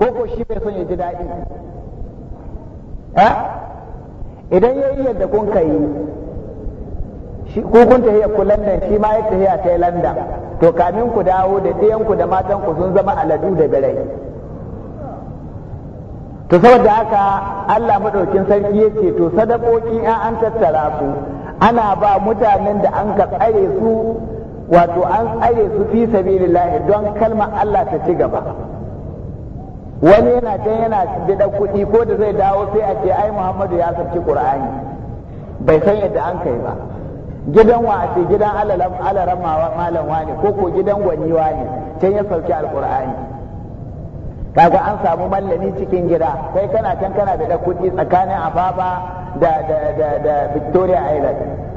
ko ko shi bai son ya ji daɗi idan ya yi yadda kun ka yi ko kun tahiya ku landan shi ma ya tahiya ta landan to kamin ku dawo da ɗiyanku da matanku sun zama aladu da birai to saboda haka Allah madaukin sarki ya ce to sadakoki an an tattara su ana ba mutanen da an ka tsare su wato an tsare su fi sabilillahi don kalmar Allah ta ci gaba wani yana can yana da kuɗi ko da zai dawo sai a ce ai muhammadu ya sauki qur'ani bai san yadda an kai ba gidan wa ce gidan alaran malam wani ko ko gidan gwani ne can ya sauki alqur'ani kaga an samu mallami cikin gida kai kana can kana da kuɗi tsakanin ababa da da da da victoria island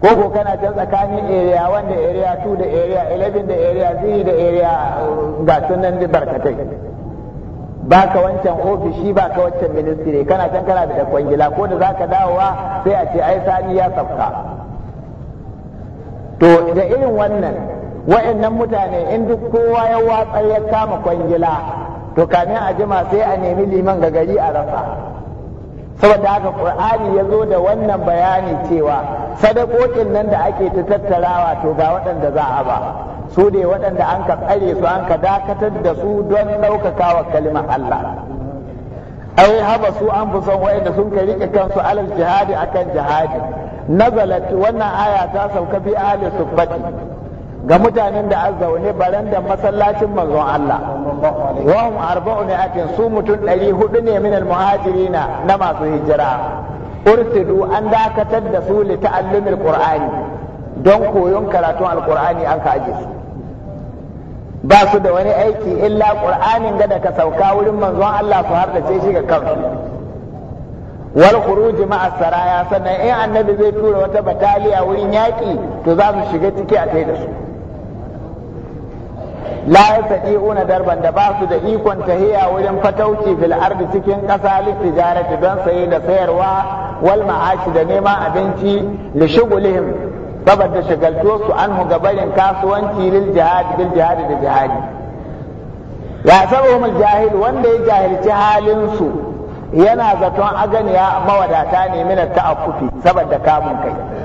ko ko kana can tsakanin area 1 da area 2 da area 11 da area 3 da area uh, ga sunan da barkatai ba ka wancan ofishi ba ka wancan ministry kana can kana da kwangila ko da zaka dawowa sai a ce ai sani ya safka to da irin wannan wa'annan mutane in duk kowa ya watsar ya kama kwangila to kamin a jima sai a nemi liman ga gari a rasa saboda haka qur'ani ya zo da wannan bayani cewa sadakokin nan da ake ta tattarawa to ga waɗanda za a ba su ne waɗanda an ka tsare su an ka dakatar da su don ɗaukaka wa kalimar Allah ai haba su an fi son wayanda sun ka rike kansu alal jihadi akan jihadi nazalat wannan aya ta sauka bi ahli subbati ga mutanen da azzaune barandan masallacin manzon Allah wa hum ne akin su mutum 400 ne min almuhajirina na masu hijira ursidu an dakatar da su li ta'allumil qur'ani don koyon karatun alqur'ani an ka aje su ba su da wani aiki illa qur'anin da ka sauka wurin manzon Allah su har hardace shi ga kansu wal khuruj ma'a saraya sannan in annabi zai tura wata bataliya wurin yaki to za su shiga ciki a kai da su la yastati'una darban da basu da ikon tahiya wurin fatauci fil cikin kasa litijarati don sayi da sayarwa wal ma'ashi da neman abinci li shugulihim saboda shigaltuwar su anhu gabarin kasuwanci lil jihad bil jihad da jihadi ya sabahum al jahil wanda ya jahilci halin su yana zaton aganiya mawadata ne min ta'affufi saboda kamun kai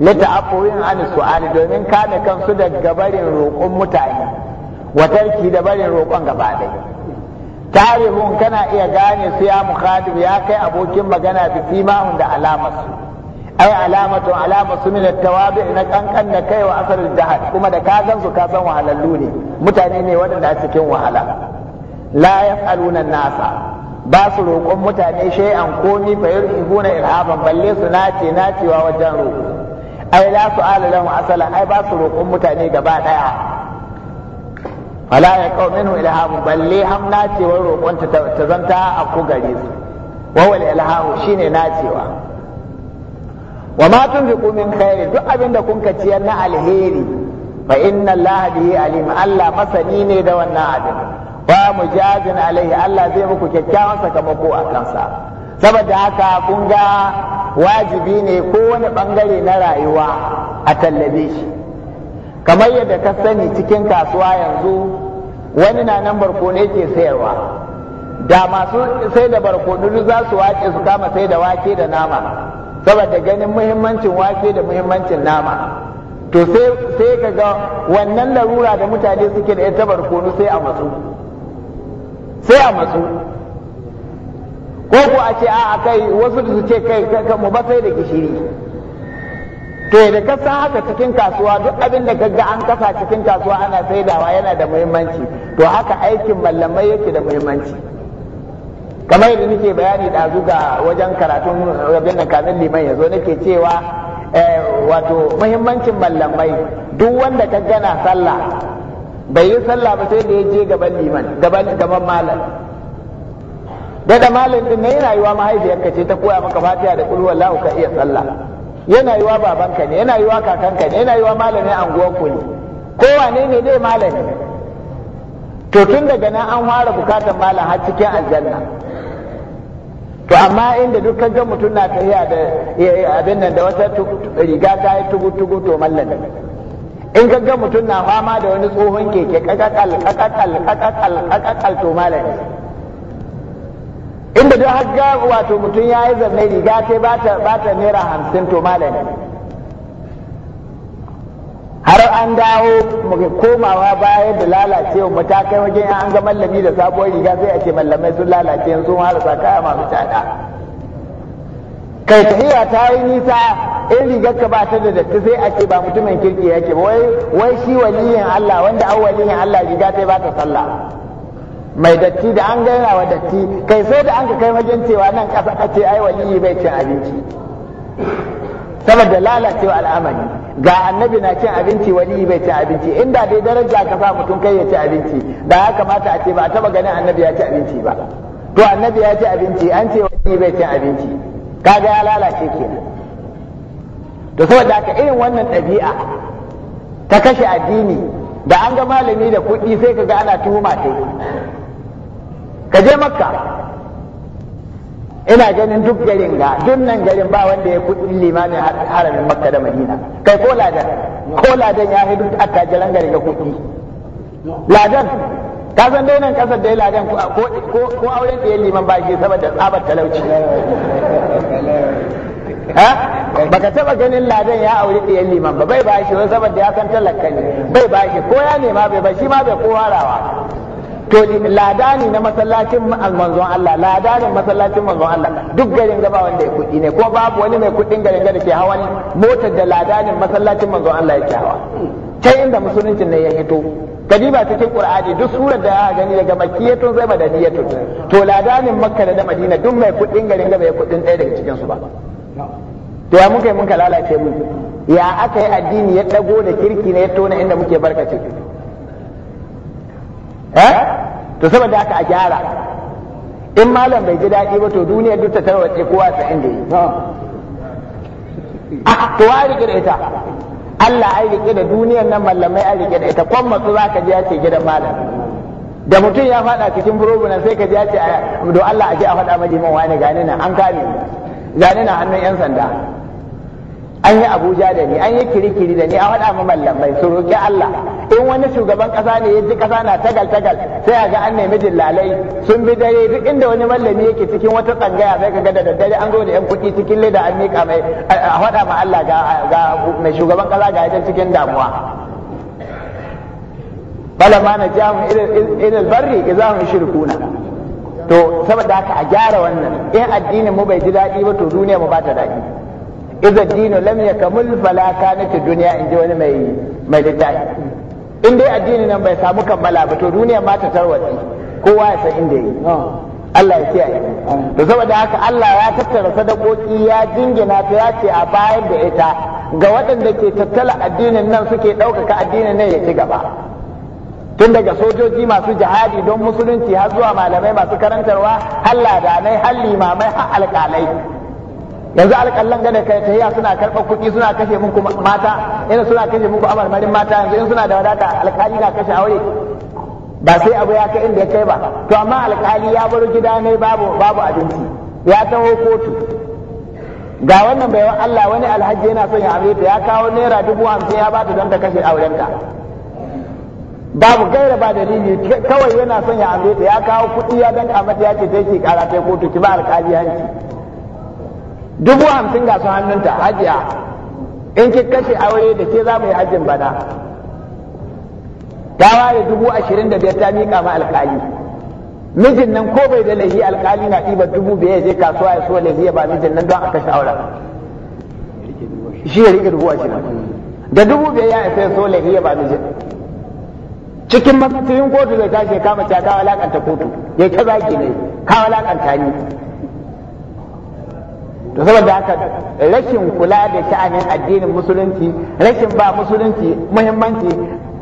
lita'afuwin an su'ali domin kame kansu daga barin roƙon mutane watarki, da barin roƙon gaba ɗaya tarihun kana iya gane su ya mukhadib ya kai abokin magana bi simahun da alamarsu ai alamatu alamatu min at-tawabi na kankan da kai wa asar jahad kuma da ka gansu ka san wahalallu ne mutane ne waɗanda a cikin wahala la yas'aluna nasa ba su roƙon mutane shay'an komi fa yurhibuna irhaban balle su nace nacewa wajen roƙo ai la su'ala lahum asala ai ba su roƙon mutane gaba daya wala ya qauminu ilhamu balle hamna cewa roƙon ta ta zanta a ku gare su wa wal ilhamu shine nacewa wa ma tunfiqu min khairi duk abinda kun ka ciyar na alheri fa inna allaha bihi alim allah masani ne da wannan abin wa mujadin alaihi allah zai muku kyakkyawan sakamako a kansa saboda haka kun ga wajibi ne kowane bangare na rayuwa a tallabe shi kamar yadda ka sani cikin kasuwa yanzu wani na nan barkono ke sayarwa da masu sai da barkono za su wace su kama sai da wake da nama saboda ganin muhimmancin wake da muhimmancin nama to sai ka ga wannan larura da mutane suke da ita barkonu sai a matsu sai a matsu ko ku a ce a kai wasu su ce kai mu ba sai da gishiri to da ka san haka cikin kasuwa duk abin da ga an kasa cikin kasuwa ana saidawa yana da muhimmanci to haka aikin mallamai yake da muhimmanci kamar yadda nake bayani da ga wajen karatun rabin da kamin liman ya zo nake cewa eh, wato muhimmancin mallamai duk wanda ka gana sallah bai yi sallah ba sai da ya je gaban liman gaban gaban malam dada malam din nan yana yiwa mahaifiyarka ce ta koya maka fatiha da kulhu wallahu ka iya sallah yana yiwa babanka ne yana yiwa kakanka ne yana yiwa malamin anguwar ku ne kowane ne dai malami to tun daga nan an fara bukatan malam har cikin aljanna to amma inda duk ga mutum na tafiya da eh, abin nan da wata riga ta yi tugu tugu to mallan in ka ga mutum na fama da wani tsohon keke kakakal kakakal kakakal kakakal to malami inda duk har ga wato mutum ya yi zanne riga ta ba ta naira hamsin to malami har an dawo muke komawa baya da lalacewa matakai wajen an ga mallami da sabuwar riga sai a ce mallamai sun lalace sun sa kaya masu tada kai tahiya ta yi nisa in rigar ka ba ta da datti sai a ce ba mutumin kirki yake ba wai wai shi waliyin Allah wanda an waliyin Allah riga sai ba ta sallah mai datti da an gaina wa datti kai sai da an ka kai wajen cewa nan kasa kace ai waliyi bai cin abinci saboda lalacewa al'amari ga annabi na cin abinci waliyi bai cin abinci inda dai daraja ka sa mutum kai ya ci abinci da ya kamata a ce ba a taba ganin annabi ya ci abinci ba to annabi ya ci abinci an ce waliyi bai cin abinci kaga ya lalace kenan to saboda ka irin wannan ɗabi'a ta kashe addini da an ga malami da kuɗi sai ka ga ana tuhuma kai ka je makka ina ganin duk garin ga duk nan garin ba wanda ya kudi limanin haramin makka da madina kai ko ladan ko ladan ya hidu aka jiran garin ga kudi ladan ka san dai nan kasar dai ladan ko ko auren da ya liman ba shi saboda tsabar talauci ha baka taba ganin ladan ya auri ɗiyan liman ba bai bashi wani saboda ya san talaka ne bai bashi ko ya nema bai ba shi ma bai ko harawa to ladani na masallacin manzon Allah ne masallacin manzon Allah duk garin gaba wanda ya kudi ne ko babu wani mai kudin garin gada ke ne, motar da ne masallacin manzon Allah yake hawa ta inda musuluncin ne ya hito kadiba cikin qur'ani duk surar da aka gani daga makkiyatun sai madaniyatun to ladanin makka da madina duk mai kudin garin gaba ya kudin ɗaya daga cikin su ba to ya muka yi muka lalace mu ya aka yi addini ya dago da kirki ne ya tona inda muke barkace Eh? Eh? to saboda haka a gyara in malam bai ji daɗi ba to duniya duk ta tarwace kowa ta inda yi ah, to wa rike da ita Allah ai rike da duniyar nan mallamai ai rike da ita kwan matsu za ka ji ya ce gidan malam da mutum ya faɗa cikin burobunan sai ka ji ya ce don Allah a ji a faɗa majiman wani gani nan an kame mu gani nan hannun 'yan sanda an yi abuja da ni an yi kirikiri da ni a haɗa mu mallamai su roƙi Allah in wani shugaban ƙasa ne ya ji ƙasa na tagal tagal sai a ga an nemi dillalai sun bi dare duk inda wani mallami yake cikin wata tsangaya sai ka ga da daddare an zo da yan kuɗi cikin leda an mika mai a wada ma Allah ga mai shugaban ƙasa ga yadda cikin damuwa ma na jamu ilal barri idza shirkuna to saboda haka a gyara wannan in addinin mu bai ji daɗi ba to duniya mu ba ta daɗi idza dino lam yakamul fala kanat dunya inji wani mai mai littafi in dai addini nan bai samu kammala ba to duniya ma ta tarwatsi kowa ya san inda yi Allah ya kiyaye to saboda haka Allah ya tattara sadakoki ya jingina ta ya ce a bayan da ita ga waɗanda ke tattala addinin nan suke ɗaukaka addinin nan ya ci gaba tun daga sojoji masu jihadi don musulunci har zuwa malamai masu karantarwa har ladanai har limamai har alƙalai yanzu alƙallan gane kai tahiya suna karɓar kuɗi suna kashe muku mata yana suna kashe muku amarmarin mata yanzu in suna da wadata alƙali na kashe aure ba sai abu ya kai inda ya kai ba to amma alƙali ya bar gida ne babu babu abinci ya taho kotu ga wannan wa Allah wani alhaji yana son ya aure ta ya kawo naira dubu hamsin ya bata don ta kashe aurenta babu gaira ba dalili kawai yana son ya aure ta ya kawo kuɗi ya danka mata ya ce ta ki kara ta kotu ki ba alƙali hanci dubu hamsin ga su hannunta hajiya in ki kashe aure da ke za mu yi hajjin bana ta ware dubu ashirin da biyar ta miƙa ma alƙali mijin nan ko bai da lahi alƙali na ɗiba dubu biyar je kasuwa ya so lahi ya ba mijin nan don a kashe auren shi ya riƙe dubu ashirin da dubu biyar ya isa ya so lahi ya ba mijin cikin matsayin kotu zai tashi ya kama ta ka walakanta kotu ya ta zaki ne ka alaƙanta ni da saboda haka rashin kula da sha'anin addinin musulunci rashin ba musulunci muhimmanci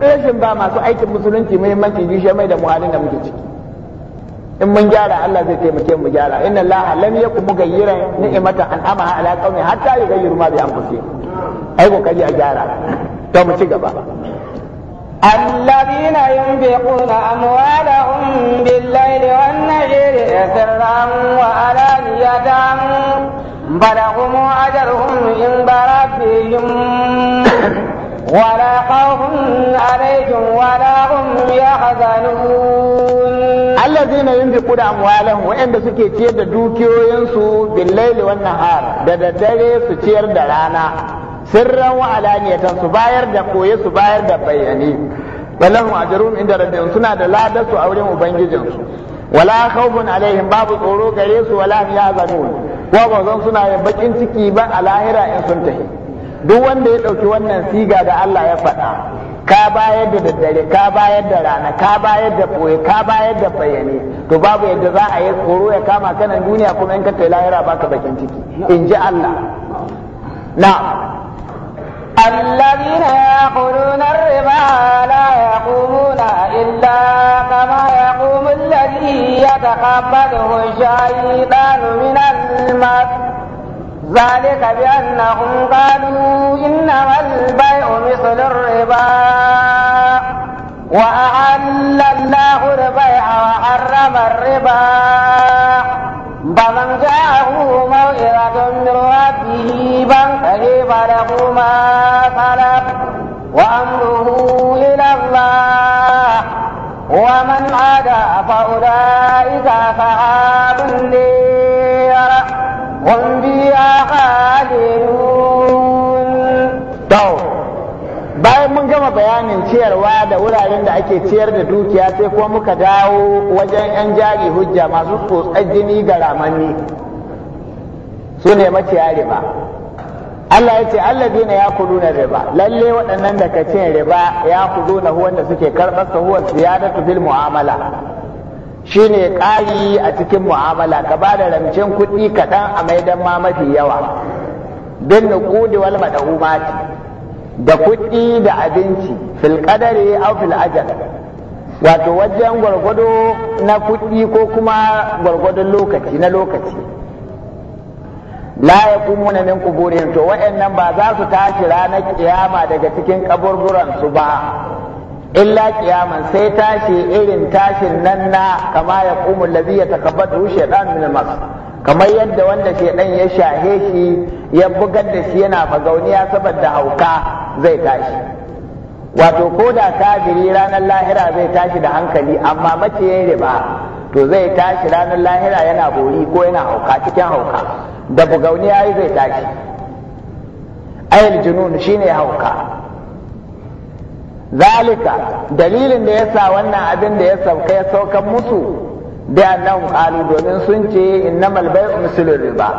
rashin ba masu aikin musulunci muhimmanci jishe mai da muhalin da muke ciki in mun gyara Allah zai taimake mu gyara inna Allah lam yakun mughayyiran ni'matan an'amaha ala qaumin hatta yughayyiru ma bi anfusihim ai kokari a gyara to mu ci gaba الذين ينفقون أموالهم بالليل والنهار سرا وعلانية بلهم أجرهم عند ربهم ولا خوف عليهم ولا هم يحزنون الذين ينفقون أموالهم وإن سكي تير دوكيو ينسو بالليل والنهار ددتري سكير دلانا سرا وعلانية سباير دقوية سباير دبياني ولهم أجرهم عند ربهم سنة da ladarsu a wurin ubangijinsu wala khawfun alaihim babu tsoro gare su wala ko ba suna yin bakin ciki ba a lahira in sun tafi duk wanda ya ɗauki wannan siga da Allah ya faɗa ka bayar da daddare ka bayar da rana ka bayar da ɓoye ka bayar da bayani to babu yadda za a yi tsoro ya kama kanan duniya kuma in ka tai lahira baka bakin ciki in ji Allah na الذين يأكلون الربا لا يقومون إلا كما يتقبله الشيطان من المس ذلك بأنهم قالوا إنما البيع مثل الربا وأحل الله البيع وحرم الربا فمن جاءه موئلة من ربه فانتهي فله ما سلف وأمره إلى الله ومن عاد فأولئك أصحاب النير هم فيها خالدون bayan mun gama bayanin ciyarwa da wuraren da ake ciyar da dukiya sai kuma muka dawo wajen 'yan jari hujja masu tsotsar jini ga ramanni su ne maciya riba Allah ya ce Allah ya kudu na riba lalle waɗannan da ka cin riba ya kudu na wanda suke karɓar sa huwa su fil mu'amala shine ƙari a cikin mu'amala ka ba da ramcin kuɗi kaɗan a maidan ma mafi yawa bin nuqudi wal madahumati da kuɗi da abinci fil qadari aw fil ajal wato wajen gwargwado na kuɗi ko kuma gwargwadon lokaci na lokaci la yaqumuna min quburihim to waɗannan ba za su tashi ranar kiyama daga cikin kaburburan su ba illa kiyama sai tashi irin tashin nan na kama ya qumu allazi yatakabbatu shaytan min al kamar yadda wanda shaydan ya shahe shi ya bugar da shi yana fagauniya saboda hauka zai tashi wato ko da ranar lahira zai tashi da hankali amma maciyin riba to zai tashi ranar lahira yana bori ko yana hauka cikin hauka da bugauni yayi zai tashi ayyul junun shine hauka zalika dalilin da yasa wannan abin da ya sauka ya saukan musu da annahum qalu domin sun ce innamal bai'u mislul riba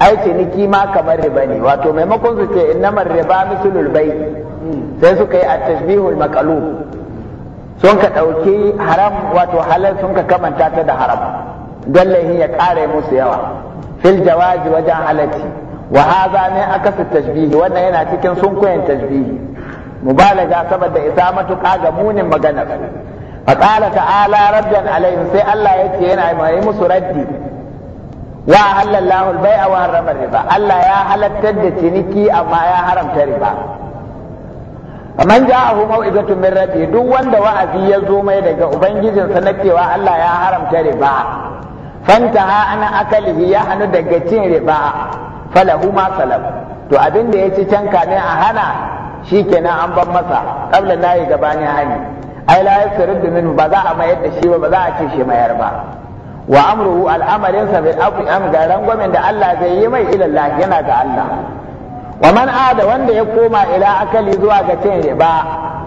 ai ciniki ma kamar riba ne wato maimakon su ce innamal riba mislul bai sai suka yi at-tashbihul maqlub sun ka ɗauki haram wato halal sun ka kamanta ta da haram don laihin ya ƙare musu yawa fil jawazi wajen halarci, wa haza min akasa tashbihi wannan yana cikin sunkuyen tashbihi mubalaga saboda isa matuƙa ga munin magana fa qala ta'ala rabban alaihim sai Allah ya ce yana mai musu raddi wa halallahu al-bai'a wa harrama riba Allah ya halartar da ciniki amma ya haramta riba man ja'ahu mau'izatun min rabbi duk wanda wa'azi ya zo mai daga ubangijinsa na cewa Allah ya haramta riba fantaha ana akalihi ya hannu daga cin riba falahu ma salam to abin da ya ci can ne a hana shi kenan an ban masa kabla na yi gabani hani ai la da min ba za a mayar da shi ba ba za a ce shi mayar ba wa amruhu al'amarin sa bil afi am ga rangwamen da Allah zai yi mai ila Allah yana ga Allah wa man ada wanda ya koma ila akali zuwa ga cin riba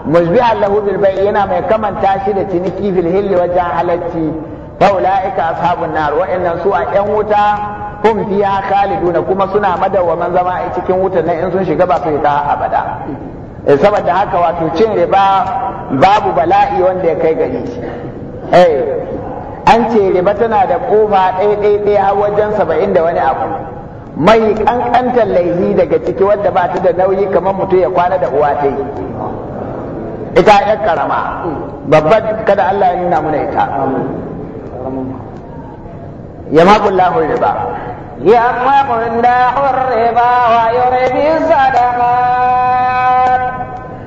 mujbihan lahu bil yana mai kamanta shi da ciniki fil hilli wajen halacci faulaika ashabun nar wa'annan su a yan wuta hum fiha khaliduna kuma suna madawwaman zama a cikin wutar nan in sun shiga ba su fita abada eh, saboda haka wato cin riba babu bala'i wanda ya kai gari eh an ce riba tana da kofa ɗaya ɗaya har wajen saba'in da wani abu mai ƙanƙantar laihi daga ciki wadda ba ta da nauyi kamar mutum ya kwana da uwa ta yi ita 'yar karama babbar kada Allah ya nuna mana ita يمحق الله الربا يمحق الله الربا ويربي الصدقات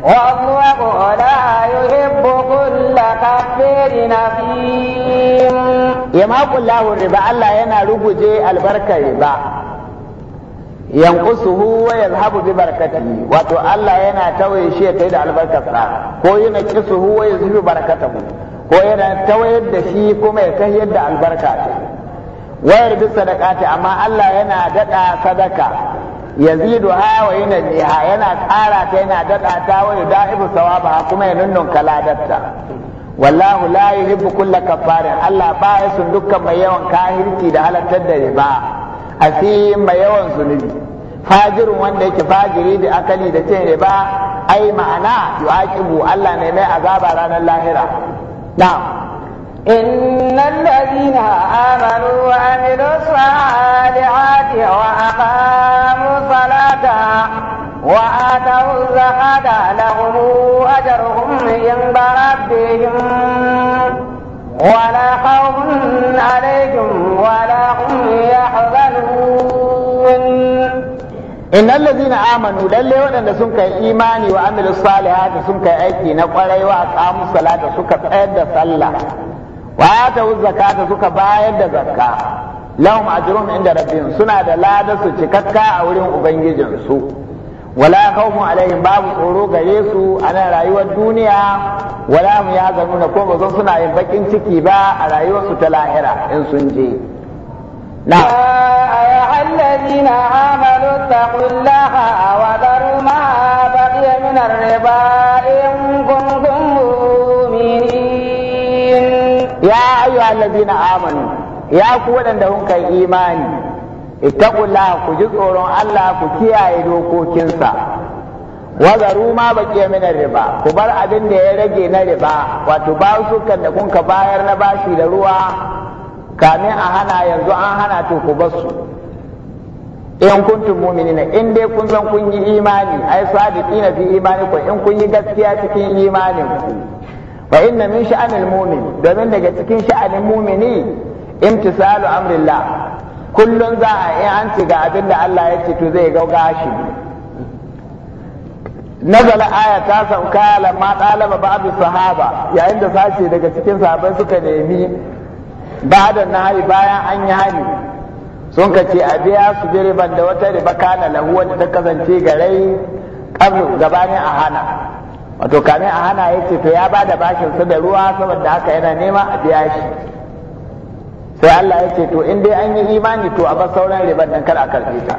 والله لا يحب كل كفير نفيم يمحق الله الربا الله ينا yanqusuhu wa yadhhabu bi barakatihi wato Allah yana tawaye shi ya kai da albarkarsa ko yana kisuhu wa yadhhabu barakatahu ko yana tawayar da shi kuma ya kai yadda albarka wayar duk sadakati amma Allah yana daɗa sadaka yazidu ha wa yana biha yana kara ta yana daɗa ta wa yudaibu sawaba kuma ya nunnun kaladarta wallahu la yuhibbu kulla kafarin Allah ba ya sun dukkan mai yawan kahirci da halattar da riba asiyin mai yawan zunubi fajirin wanda yake fajiri da akali da ce cin ba, ai ma'ana yu'aqibu Allah ne mai azaba ranar lahira na'am إن الذين آمنوا وعملوا الصالحات وأقاموا الصلاة وآتوا الزكاة لهم أجرهم عند ربهم ولا خوف عليهم ولا هم يحزنون إن الذين آمنوا للي ودن سنك إيماني وعملوا الصالحات سنك أيكي نقرأي وأقاموا الصلاة سنك أيد صلى wa yatawu zakata suka bayar da zakka lahum ajrun inda rabbihim suna da lada su cikakka a wurin ubangijin su wala khawfun alaihim babu tsoro gare su a nan rayuwar duniya wala mu ya zanu na ko bazan suna yin bakin ciki ba a rayuwar su ta lahira in sun je na alladhina amanu taqullaha allazina amanu ya ku waɗanda kun kai imani ittaqullaha ku ji tsoron Allah ku kiyaye dokokinsa wa zaru ma baqiya min riba ku bar abin da ya rage na riba wato basukan da kunka bayar na bashi da ruwa kamin a hana yanzu an hana to ku bar su in kuntum mu'minina in dai kun zan kun yi imani ai sadiqina fi imanikum in kun yi gaskiya cikin imanin fa inna min sha'anil mu'min domin daga cikin sha'anin mu'mini imtisalu amrillah kullun za a in an ci ga abin da Allah ya ce to zai gauga shi nazala aya ta sauka ma talaba ba'du sahaba yayin da sace daga cikin sahabbai suka nemi ba'da nahi bayan an yi hani sun ka ce a biya su bi da wata riba kana lahu wanda ta kasance garai kablu gabanin a hana wato kame a hana ya ce to ya ba da bashin su da ruwa saboda haka yana nema a biya shi sai Allah ya ce to in dai an yi imani to a bar sauran riban nan kar a karfe ta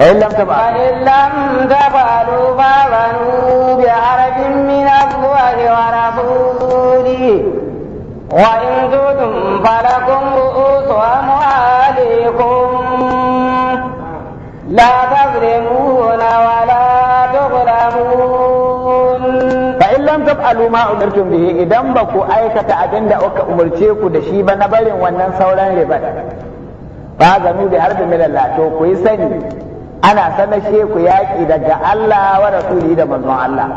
فإن لم تفعلوا فإن لم من الله ورسوله وإن تبتم فلكم رؤوس أموالكم لا fa'alu ma umirtum bihi idan ba ku aikata abin da aka umarce ku da shi ba na barin wannan sauran riba ba ganu da harbi milalla to ku yi sani ana sanashe ku yaƙi daga Allah wa rasuli da manzon Allah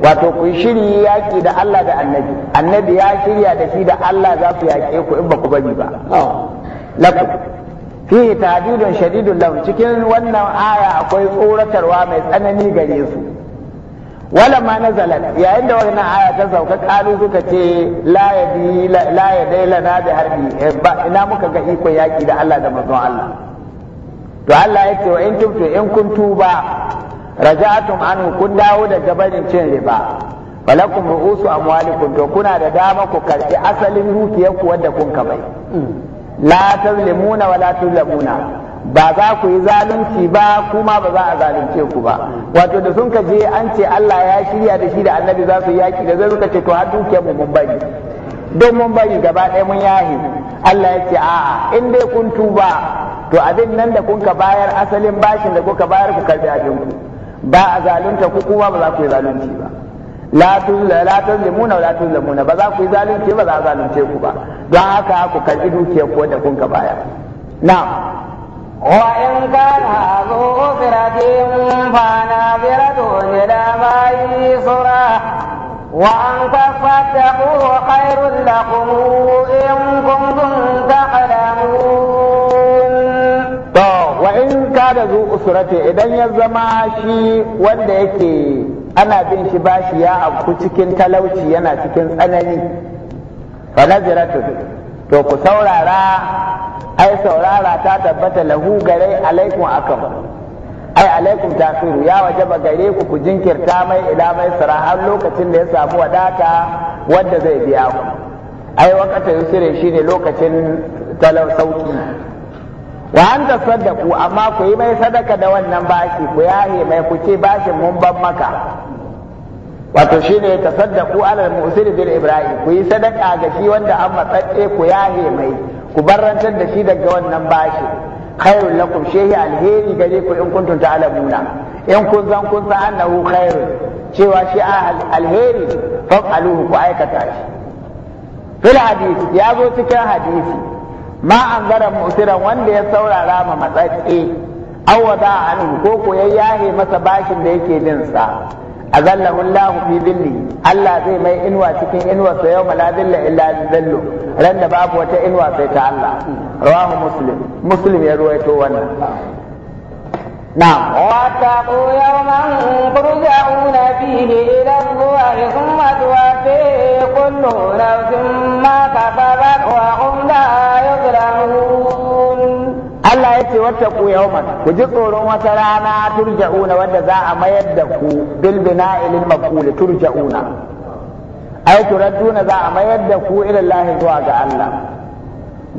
wato ku shiri yaƙi da Allah da annabi annabi ya shirya da shi da Allah za ku yaƙe ku in ba ku bari ba lakum fihi tahdidun shadidun lahu cikin wannan aya akwai tsoratarwa mai tsanani gare su wala ma zalat yayin da wannan aya ta sauka kalu suka ce la yadi la la na bi harbi eh, ina muka ga ikon yaki da Allah da manzon Allah to Allah ya ce wa in tubtu in kun tuba raja'atum anhu kun dawo da gabarin cin riba falakum ru'usu amwalikum to kuna da dama ku karbi asalin dukiyar ku wanda kun kabai mm. la tazlimuna wa tulamuna ba za ku yi zalunci ba kuma ba za a zalunce ku ba wato da sun ka je an ce Allah ya shirya da shi da annabi za su yaki da zai suka ce to har dukiyar mu mun bari don mun bari gaba ɗaya mun yahi Allah ya ce a'a in dai kun tuba to abin nan da kun ka bayar asalin bashin da kuka bayar ku karbi abin ku ba a zalunta ku kuma ba za ku yi zalunci ba la tuzlimuna la tuzlimuna ba za ku yi zalunci ba za a zalunce ku ba don haka ku karbi dukiyar ku da kun ka bayar na'am Wa in ka na zo firafin fana zato da bashi sura? Wa amfarfar ta kura kairun la'akumu, in kun shi bashi, ya haufi cikin talauci yana cikin tsanani. to ku saurara ai saurara ta tabbata lahu gare alaikum akan ai alaikum takiru ya wajaba gare ku ku jinkirta mai ila mai sara lokacin da ya samu wadata wadda zai biya ku ai wakata yusire shine lokacin talau sauki wa an tasaddaku amma ku yi mai sadaka da wannan bashi ku yahe mai ku ce bashin mun ban maka wato shine tasaddaqu ala al bil ibrahim ku yi sadaka ga shi wanda an matsatse ku yahe mai ku barrantar da shi daga wannan bashi khairul lakum shehi alheri gare ku in kuntum ta'lamuna in kun zan kun san annahu khairun cewa shi alheri fa'aluhu ku aikata shi fil hadisi ya zo cikin hadisi ma an gara mu'sira wanda ya saurara ma matsatse awwada anhu ko ko yayyahe masa bashin da yake bin sa azalla Allah fi dilli Allah zai mai inuwa cikin inuwa sai yau mala dilla illa dallu ran da babu wata inuwa sai ta Allah rawahu muslim muslim ya ruwaito wannan na wa ta bu yawma burjauna fihi ila allahi thumma tuwa fi kullu rawzum ma tababa wa umda yuzramu Allah ya ce wata ku yawman ku ji tsoron wata rana turja'una wadda za a mayar da ku bil bina'il maqul turja'una ai turaduna za a mayar da ku ila Allah zuwa ga Allah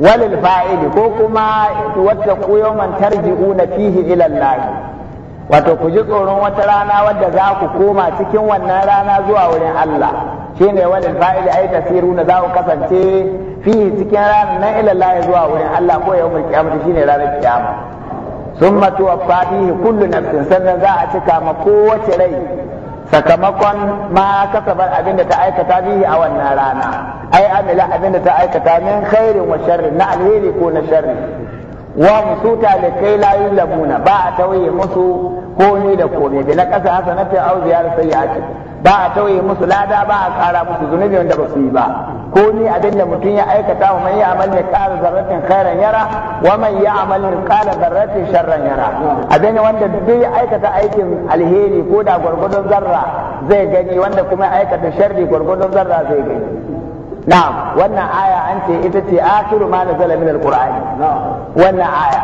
walil fa'ili ko kuma wata ku yawman tarji'una fihi ila Allah wato ku ji tsoron wata rana wadda za ku koma cikin wannan rana zuwa wurin Allah shine walil fa'ili ai tasiruna za ku kasance fihi cikin ranar na ila Allah zuwa wurin Allah ko yawmul qiyamah shine ranar kiyama summa tuwaffa fihi kullu nafsin sannan za a cika ma kowace rai sakamakon ma kasabar abin da ta aikata bihi a wannan rana ai amila abin da ta aikata min khairin wa sharri na alheri ko na sharri wa musuta da kai la yulamuna ba a tauye musu komai da komai da na kasa hasanatu au ziyar sayyi'ati ba a tauye musu lada ba a kara musu zunubi wanda ba su yi ba ko ni abin da mutum ya aikata wa man ya'mal qala zarratin khairan yara wa man ya'mal qala zarratin sharran yara abin wanda duk ya aikata aikin alheri ko da gwargwadon zarra zai gani wanda kuma aikata sharri gwargwadon zarra zai gani na'am wannan aya an ce ita ce akhiru ma nazala min alqur'ani wannan aya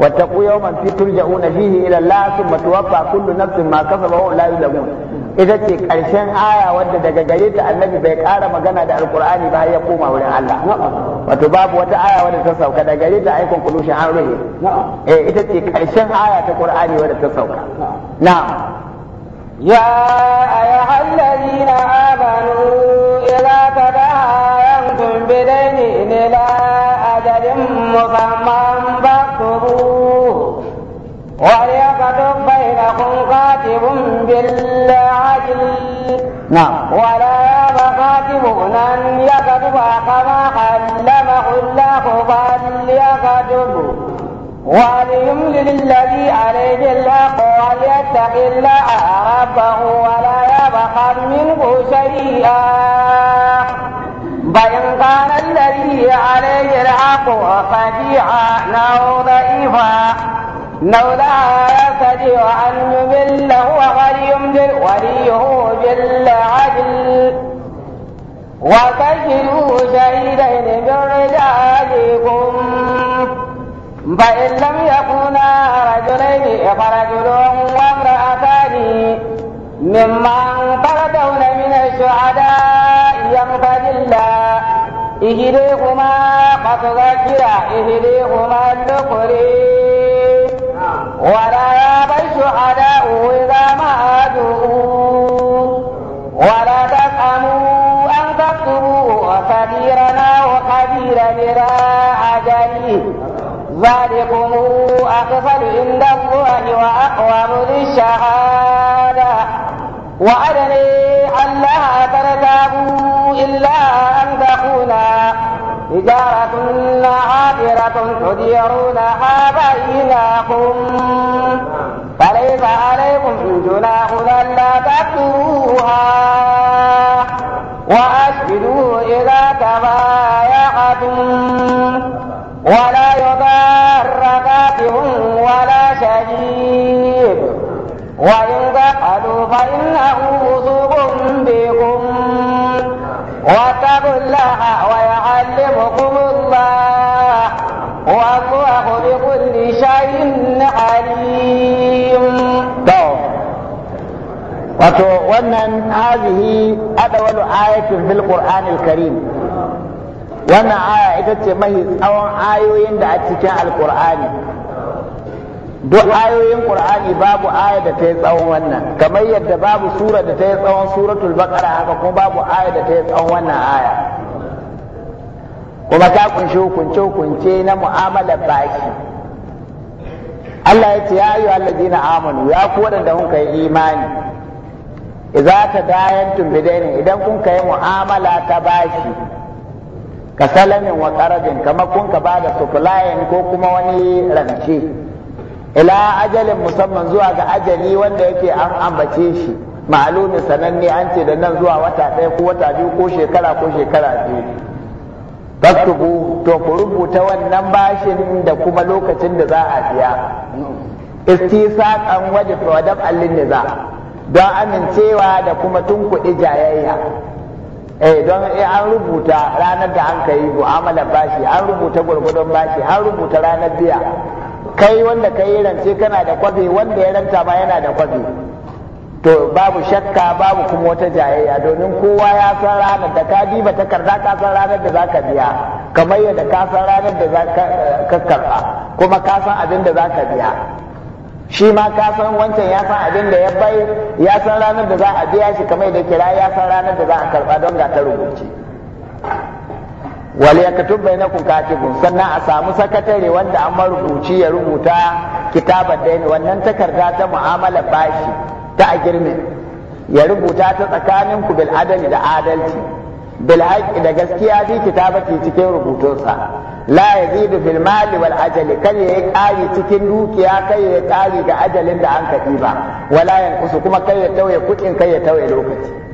wattaqu yawman fi turja'una fihi ila Allah thumma tuwaffa kullu nafsin ma kasabat wa la yuzlamun ita ce ƙarshen aya wadda daga gare ta annabi bai ƙara magana da alkur'ani ba ya koma wurin Allah wato babu wata aya wadda ta sauka daga gare ta aikon kulushin an ruhe eh ita ce ƙarshen aya ta qur'ani wadda ta sauka na'am يا أيها الذين آمنوا إذا تداينتم بدين إلى أجل مسمى خاتب بالعدل نعم ولا يأبى خاتب أن يكتب كما علمه الله فليكتب وليملل الذي عليه الحق وليتق الله ربه ولا يبخل منه شيئا فإن كان الذي عليه الحق فجيعا أو ضعيفا مولا يرتدي أن يمله وقد يمدل وليه بالعدل وكيدوا شهيدين من فإن لم يكونا رجلين فرجل وامرأتان ممن ترضون من الشهداء ينفذ الله اهديهما قد ذكر اهديهما الذكرين ولا ياب الشهداء إذا ما عادوا ولا تسأموا أن تكتبوا كبيرنا وكبير بلا أجل ذلكم أكثر عند الله وأقوم للشهادة وأدري أن لا ترتابوا إلا أن تكونا تجارة عابرة تديرونها بينكم فليس عليكم جناح ألا تكتبوها وأشهدوا إذا تبايعتم ولا يضار كاتب ولا شهيد وإن تفعلوا فإنه فسوق بكم واتقوا الله ويعلمكم الله والله بكل شيء عليم wato wannan hazihi adawalu ayatin fil qur'anil karim wannan aya ita ce mahi tsawon ayoyin da a cikin alqur'ani duk ayoyin qur'ani babu aya da ta yi tsawon wannan kamar yadda babu sura da ta yi tsawon suratul baqara haka kuma babu aya da ta yi tsawon wannan aya kuma ta kunshi hukunce hukunce na mu'amalar baki Allah ya ce ya ayu alladina amanu ya ku wadanda kun kai imani idza ta dayantum bidaini idan kun kai mu'amala ta bashi ka salamin wa qarajin kamar kun ka bada supplying ko kuma wani rance ila ajalin musamman zuwa ga ajali wanda yake an ambace shi ma'alumin sananne an ce da nan zuwa wata ɗaya ko wata biyu ko shekara ko shekara biyu faktubu to ku rubuta wannan bashin da kuma lokacin da za a biya istisaqan waje wadab allin niza don amincewa da kuma tun tunkuɗi jayayya eh don eh, an rubuta ranar da an kai mu'amalar bashi an rubuta gwargwadon bashi an rubuta ranar biya kai wanda ka yi rance kana da kwabe wanda ya ranta ma yana da kwabe to babu shakka babu kuma wata jayayya domin kowa ya san ranar da ka diba takarda ka san ranar da zaka biya kamar yadda ka san ranar da zaka kakkarba kuma ka san abin da zaka biya shi ma ka san wancan ya san abin da ya bai ya san ranar da za a biya shi kamar yadda kira ya san ranar da za a karba don ga ta rubuce wal bai na katibun sannan a samu sakatare wanda an marubuci ya rubuta kitabar daini wannan takarda ta mu'amalar bashi ta a girme ya rubuta ta tsakanin ku bil adali da adalci bil haƙƙi da gaskiya bi kitabati cikin rubutunsa la yazidu bil mali wal ajali kan ya ƙari cikin dukiya kai ya ƙari ga ajalin da an kadi ba wala kusa kuma kai ya tauye kuɗin kai ya tauye lokaci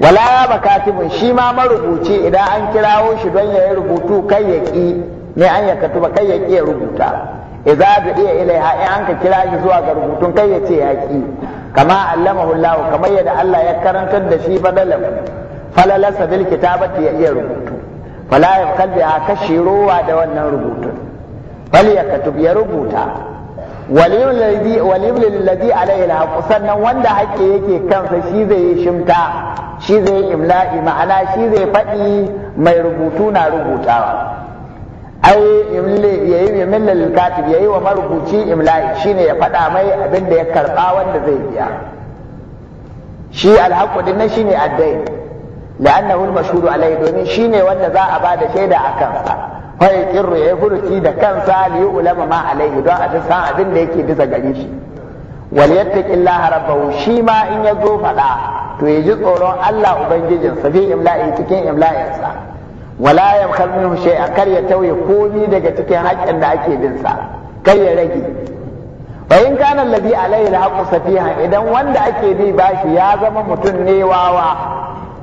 wala makatibun shi ma marubuci idan an kirawo shi don ya yi rubutu kai ya ki ne an ya katuba kai ya ki ya rubuta idza da iya ilaiha in an ka kira shi zuwa ga rubutun kai ya ce ya ki kama allamahu Allah kamar yadda Allah ya karantar da shi badalan falalasa bil kitabati ya iya rubutu fala a kashi ruwa da wannan rubutun fal ya katub ya rubuta waliyul ladhi alayhi alhaq sannan wanda hakke yake kansa shi zai yi shimta shi zai imla'i ma'ana shi zai faɗi mai rubutu na rubutawa ai imle yayi millal katib yayi wa marubuci imla'i ne ya faɗa mai abin da ya karba wanda zai biya shi alhaqu din nan shine addai la'annahu al-mashhur alayhi domin shine wanda za a ba da shaida a sa fa yaqirru ya furuci da kansa li ulama ma alai don a san abin da yake bisa gari shi wal yattaqillaha rabbahu shi ma in ya zo faɗa to ya ji tsoron Allah sa bi imla'i cikin imla'insa wala yabkhal minhu shay'an kar ya tauye komi daga cikin haƙƙin da ake bin sa kai ya rage fa in kana alladhi alayhi alhaqqu safihan idan wanda ake bi bashi ya zama mutum ne wawa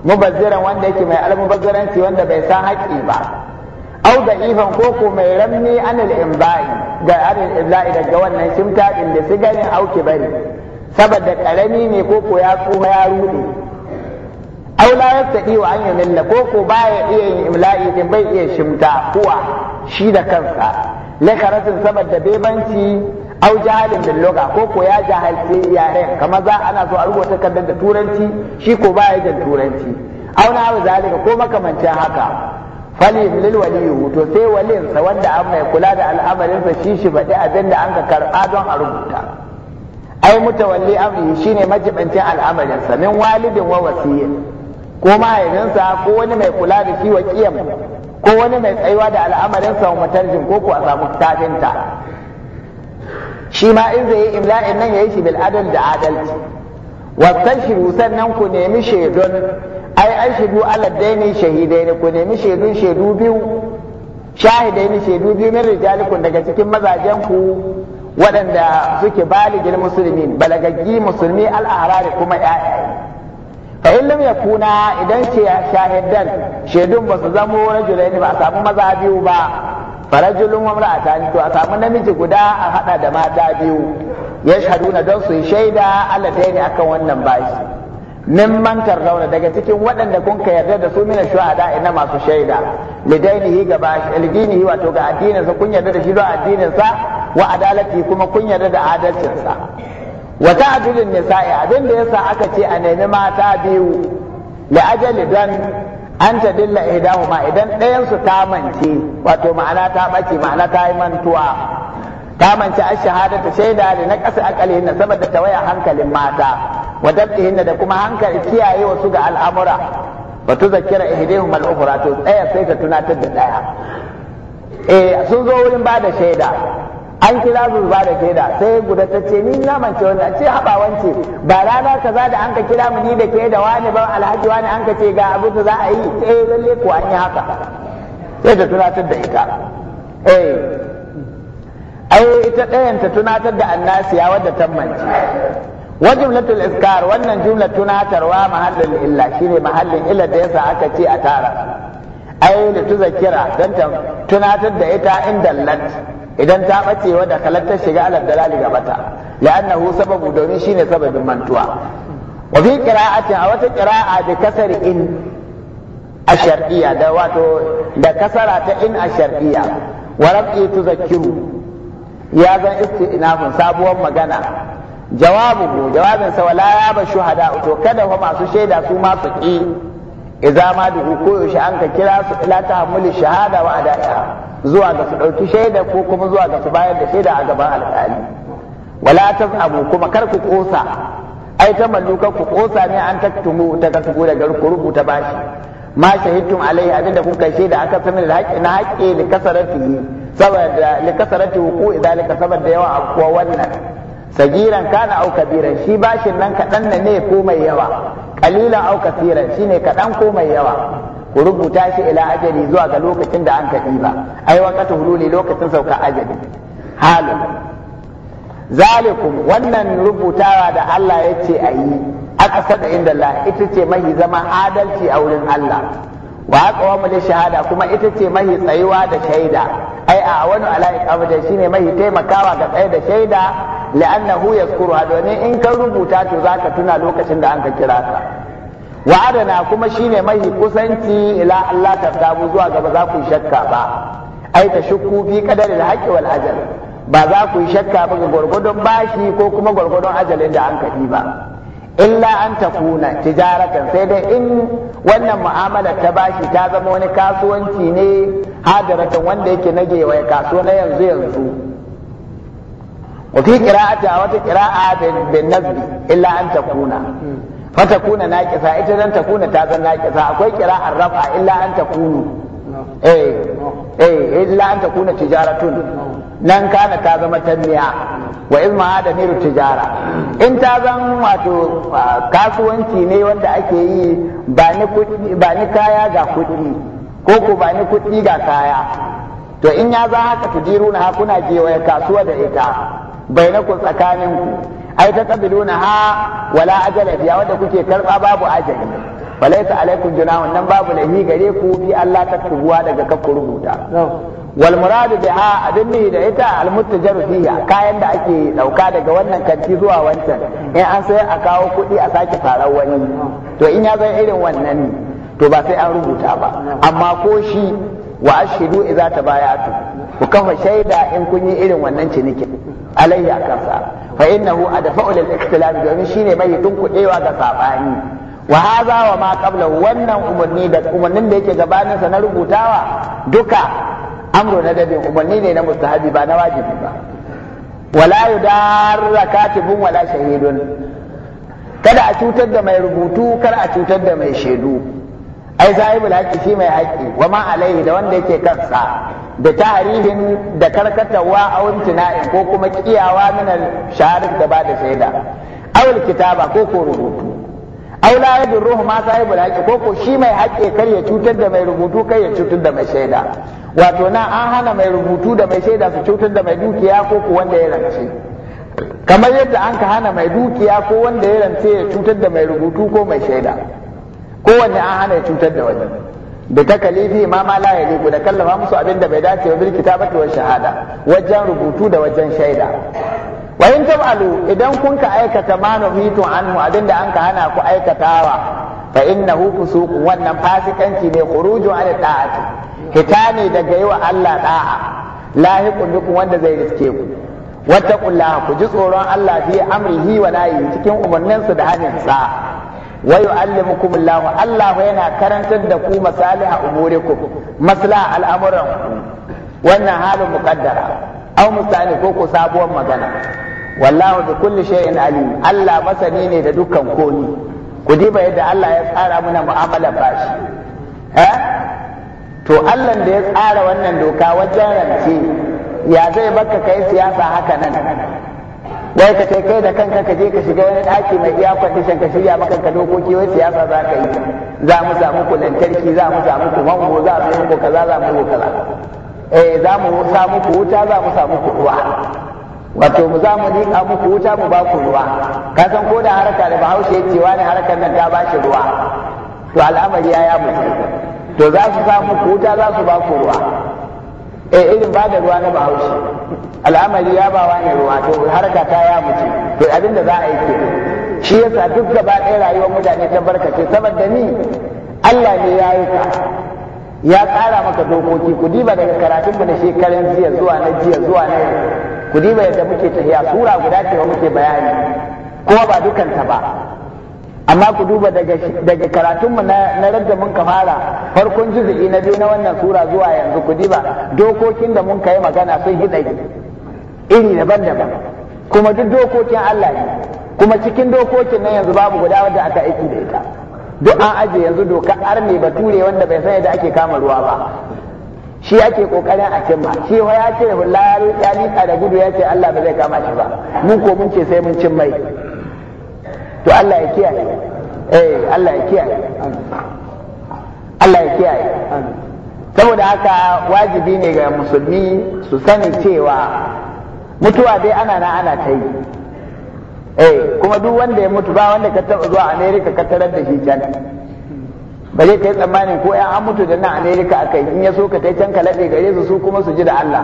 mubazziran wanda yake mai almubazzaranci wanda bai san haƙƙi ba au da ko koko mai ramni anil imba'i ga anil imla'i daga wannan shimta din da sigarin auki bari saboda karami ne ko ko ya tsufa ya rudu, aula ya tadi wa an yamilla ko ko baya iya yin imla'i din bai iya shimta kuwa shi da kansa karatin saboda bebanci au jahalin bil lugha ko ko ya jahalci yaren kamar za ana so a rubuta kan da turanci shi ko baya da turanci auna hau zalika ko makamancin haka fali lil waliyu to sai sa wanda an mai kula da al'amarinsa shi shi baɗi abinda an ka karɓa don a rubuta ai mutawalli amri shine majibancin al'amarinsa min walidin wa wasiyin ko mahaifinsa ko wani mai kula da shi wa ko wani mai tsayuwa da al'amarinsa wa matarjin ko ku a samu tafinta shi ma in zai yi imla'in nan yayi shi bil adal da adalci wastashiru sannan ku nemi shaidun ai an shaidu aladdaini shahidaini ku nemi shaidun shaidu biyu shahidaini shaidu biyu min rijalikum daga cikin mazajen ku waɗanda suke baligin musulmi balagaggi musulmi al'arari kuma ‘ya'yaye fa illam yakuna idan ce shahidan shaidun ba su zamo rajulaini ba a samu maza biyu ba farajulun wa imra'atani to a samu namiji guda a hada da mata biyu yashhaduna don su shaida Allah ne akan wannan bashi min man tarzauna daga cikin waɗanda kun ka yarda da su min shuhada ina masu shaida lidaini ga bashi ilginihi wato ga addinin sa kun yarda da shi don addinin sa wa adalati kuma kun yarda da adalcinsa wa ta'dilun nisa'i abin da yasa aka ce a nemi mata biyu la ajali dan an ta dilla ihdahuma idan ɗayan su ta mance wato ma'ana ta bace ma'ana ta yi mantuwa ta mance an shahada ta shaida da na ƙasa na saboda ta waya hankalin mata wa dabtihin da kuma hankali kiyaye wasu ga al'amura ba tu zakira ihdihum al-ukhra to tsaya sai ta tunatar da ɗaya. eh sun zo wurin ba da shaida an kira su ba da Keda, sai guda ta ce ni na mance wannan ce haba wance ba rana kaza da an ka kira mu ni da ke da wani ba alhaji wani an ka ce ga abin da za a yi eh lalle ko an yi haka sai ta tunatar da ita eh ai ita ɗayan ta tunatar da annasiya wadda ta mance wa jumlatul iskar wannan jumla tunatarwa mahallin illa shine mahallin illa da yasa aka ce a tara ai da tuzakira dan tunatar da ita inda lat idan ta bace wadda kalatta shiga alal dalali ga bata la'annahu sababu domin shine sababin mantuwa wa fi qira'atin a wata qira'a da kasar in ashar'iyya da wato da kasara ta in ashar'iyya wa rabbi tuzakkiru ya zan istinafin sabuwar magana jawabu jawabin sa wala ya ba shuhada to kada fa masu shaida su ma su ki idza ma duhu ko shi an ka kira su ila tahammuli shahada wa ada'a zuwa ga su ɗauki shaida ko kuma zuwa ga su bayar da shaida a gaban alƙali wala abu kuma kar ku kosa ai ta malluka ku kosa ne an taktumu ta kasbu daga ku rubuta bashi ma shahidtum alai abinda kun kai shaida aka sami da haƙi na haƙi li kasarati saboda li kasarati wuku idalika saboda yawa akwa wannan sagiran kana au kabiran shi bashin nan kaɗan ne ko mai yawa kalilan au kasiran shine kaɗan ko mai yawa ku rubuta shi ila ajali zuwa ga lokacin da an kaɗi ba ai waqatu hululi lokacin sauka ajali halin zalikum wannan rubutawa da Allah ya ce a yi aka da inda Allah ita ce mahi zama adalci a wurin Allah wa aka mu da shahada kuma ita ce mahi tsayuwa da shaida ai a wani ala'i shi shine mahi taimakawa ga tsaye da shaida la'annahu yazkuruha domin in ka rubuta to zaka tuna lokacin da an ka kira ka wa adana kuma shine mai kusanci ila Allah ta samu zuwa gaba za ku shakka ba ai ta shukku fi qadarin haqqi wal ajal ba za ku shakka ba ga gwargwadon bashi ko kuma gwargwadon ajalin da an kadi ba illa an takuna tijaratan sai dai in wannan mu'amala ta bashi ta zama wani kasuwanci ne hadaratan wanda yake nage wa kasuwa na yanzu yanzu wa fi qira'ati wata qira'a bin nazbi illa an takuna fata kuna naƙisa ita zan ta kuna ta zan naƙisa akwai kira'ar rafa illa an ta kunu eh eh illa an ta kuna tijaratun nan kana ta zama tanniya wa izma da miru tijara in ta zan wato kasuwanci ne wanda ake yi ba ni kaya ga kuɗi ko ku ba ni kuɗi ga kaya to in ya za haka tudiruna na ke waya kasuwa da ita bainaku tsakaninku ai ta kabiluna ha wala ajala biya wanda kuke karba babu ajali falaita alaikum junahun nan babu lahi gare ku bi Allah ta tubuwa daga kakku rubuta wal murad biha abin ne da ita al muttajaru fiha kayan da ake dauka daga wannan kanti zuwa wancan in an sai a kawo kuɗi a sake farar wani to in ya zai irin wannan ne to ba sai an rubuta ba amma ko shi wa ashidu idza tabayatu ku kafa shaida in kun yi irin wannan cinikin alayhi a kansa fa innahu adfa'u lil ikhtilaf domin shine mai kuɗewa ga sabani wa hadha wa ma qabla wannan umarni da umarnin da yake gabanin sa na rubutawa duka amro na dabin umarni ne na mustahabi ba na wajibi ba wala yudarra katibun wala shahidun kada a cutar da mai rubutu kar a cutar da mai shaidu ai sahibul haqqi shi mai haqqi wa ma alaihi da wanda yake kansa da tarihin da karkatawa a tina'in ko kuma kiyawa min sharik da bada shaida awul kitaba ko ko rubutu aw la ruhu ma sahibul haqqi ko ko shi mai haqqi kar ya cutar da mai rubutu kar ya cutar da mai shaida wato na an hana mai rubutu da mai shaida su cutar da mai dukiya ko ko wanda ya rance kamar yadda an ka hana mai dukiya ko wanda ya rance ya cutar da mai rubutu ko mai shaida kowanne an hana cutar da wani da kalifi ma ma la yaliku da kallafa musu abin da bai dace ba bil kitabati wa shahada wajen rubutu da wajen shaida wa in tab'alu idan kun ka aikata ma nuhitun anhu abin da an ka hana ku aikatawa fa innahu fusuq wannan fasikanci ne khuruju an ta'ati hita ne daga yi Allah da'a lahiqu bikum wanda zai riske ku Wata wattaqullaha ku ji tsoron Allah fi amrihi wa nahyi cikin umarninsa da sa wa yu'allimukum Allah Allah yana karantar da ku masaliha umurikum maslaha al'amuran wannan halin muqaddara aw musta'ani ko ku sabuwar magana wallahu bi kulli shay'in alim Allah masani ne da dukkan komi ku diba yadda Allah ya tsara muna mu'amala bashi to Allah da ya tsara wannan doka wajen rance ya zai baka kai siyasa haka nan wai ka kai da kanka ka je ka shiga wani ɗaki mai iya kwandishan ka shirya maka ka dokoki wai siyasa za ka yi za mu samu ku lantarki za mu samu ku mango za mu yi kaza za mu yi kaza eh za mu samu ku wuta za mu samu ku ruwa wato mu za mu yi muku wuta mu ba ku ruwa ka san ko da harka da bahaushe ya ce wani harkar nan ta ba shi ruwa to al'amari ya ya mutu to za su samu ku wuta za su ba ku ruwa eh irin ba da ruwa na bahaushe al'amari ya ba wani ruwa to harka ta ya mutu to abinda za a yi ke shi yasa duk gaba ɗaya rayuwar mutane ta barkace saboda ni Allah ne ya yi ka ya tsara maka dokoki ku diba daga karatun mu na shekaran jiya zuwa na jiya zuwa na ku diba yadda muke tafiya sura guda ce muke bayani kuma ba dukanta ba amma ku duba daga karatunmu na rajja mun kafara farkon juzu'i na biyu na wannan sura zuwa yanzu ku diba dokokin da mun kai magana sun hida iri daban-daban kuma duk dokokin Allah ne kuma cikin dokokin na yanzu babu guda wadda aka aiki da ita duk an aje yanzu dokar ba ture wanda bai san yadda ake kama ruwa ba shi ake kokarin a cimma shi ya ce hulla ya da gudu ya ce Allah ba zai kama shi ba mun ko mun ce sai mun cin mai to Allah ya kiyaye eh Allah ya kiyaye Allah ya kiyaye saboda haka wajibi ne ga musulmi su sani cewa mutuwa dai ana na ana ta yi eh kuma duk wanda ya mutu ba wanda ka taba zuwa America ka tarar da shi can ba zai kai tsammanin ko ya an mutu da nan America akai in ya so ka tai can ka lade gare su su kuma su ji da Allah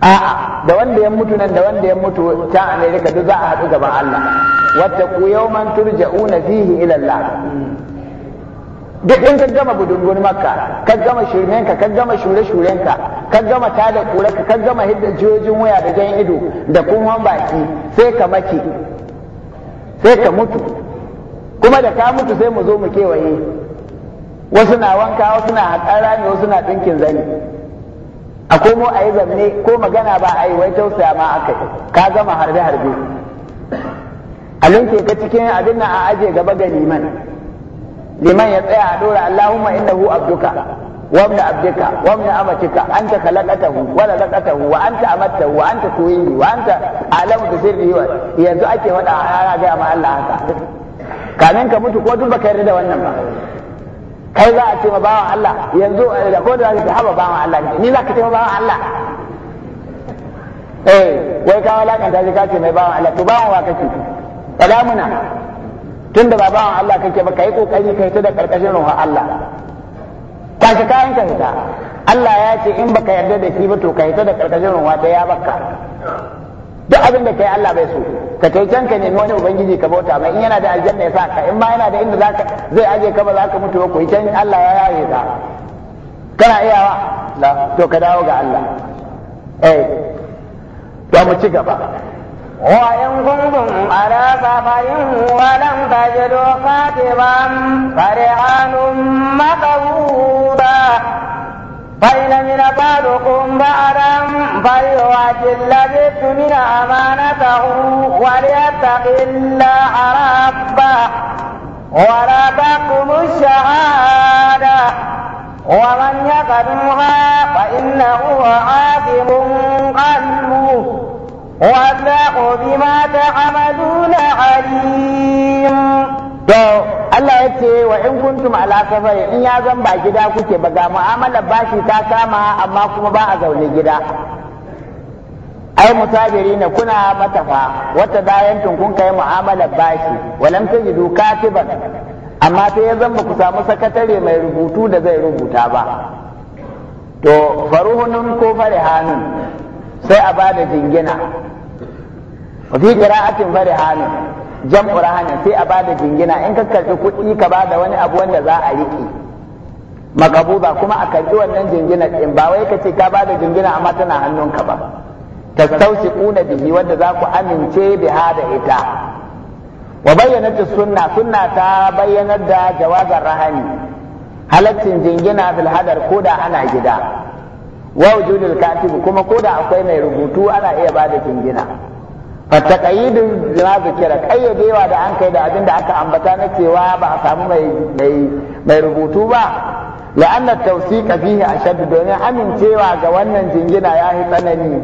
a'a da wanda ya mutu nan da wanda ya mutu ta amerika duk za a haɗu gaban allah wata ku yawman turja'una fihi ila allah duk in ka gama budungun makka ka gama shirmen ka ka gama shure shuren ka ka gama tada kura ka ka gama hidda jojin waya da jan ido da kuma baki sai ka maki sai ka mutu kuma da ka mutu sai mu zo mu kewaye wasu na wanka wasu na haƙar rami, wasu na ɗinkin zani a komo a yi zamne ko magana ba a yi wai tausaya ma aka yi ka gama harbe harbe a linke ka cikin abin nan a aje gaba ga liman liman ya tsaya a dora Allahumma hu abduka wa ibn abdika wa ibn amatika anta khalaqatahu wa razaqatahu wa anta amattahu wa anta tuwini wa anta alamu bi sirrihi wa yanzu ake wada a ga ma Allah haka kamin ka mutu ko duk baka yarda da wannan ba kai za a ce ma bawan Allah yanzu eh, da ko da za ka haba bawan Allah ne ni za ka ce ma bawan Allah eh wai ka kan shi ka ce mai bawan Allah to bawan wa kake faɗa tunda ba bawan Allah kake ba kai kokari ka ta da karkashin ruhun Allah ka ka kayan ka ta Allah ya ce in baka yarda da shi ba to ka ta da karkashin ruhun ta ya baka duk abin da kai Allah bai so ka kai can ka nemi wani ubangiji ka bauta mai in yana da aljanna ya sa ka in ma yana da inda zaka zai aje ka ba za ka mutu ba ko can Allah ya yaye ka kana iyawa to ka dawo ga Allah eh to mu ci gaba وإن كنتم على سفر ولم تجدوا كاتبا فرعان مقبوضا فإن من بعضكم بعدا فليؤدي الذي اؤتمن أمانته وليتق الله ربه ولا تقم الشهادة ومن يقدمها فإنه عاقب قلبه والله بما تعملون عليم to eh, Allah ya ce wa in kuntum ala safari in ya zan ba gida kuke ba ga mu'amalar bashi ta kama amma kuma ba a zaune gida ai mutajiri ne kuna matafa wata dayantun kun kai mu'amalar bashi walam tajidu katiban amma sai ya zan ba ku samu sakatare mai rubutu da zai rubuta ba to faruhunun ko farihanun sai a bada jingina wa fi qira'atin farihanun jam'u rahanin sai a bada jingina in ka karbi kuɗi ka bada wani abu wanda za a riƙe makabuba kuma a karbi wannan jingina din ba wai ka ce ka bada jingina amma tana hannunka ba tastawsiquna bihi wanda za ku amince biha da ita wa bayyanat sunna sunna ta bayyanar da jawazar rahani halaccin jingina bil hadar koda ana gida wa wujudul katib kuma koda akwai mai rubutu ana iya bada jingina fatakaidin na zikira kayyadewa da an kai da abin da aka ambata na cewa ba a samu mai rubutu ba la'anna tawsiqa a ashadd domin amincewa ga wannan jingina ya yi tsanani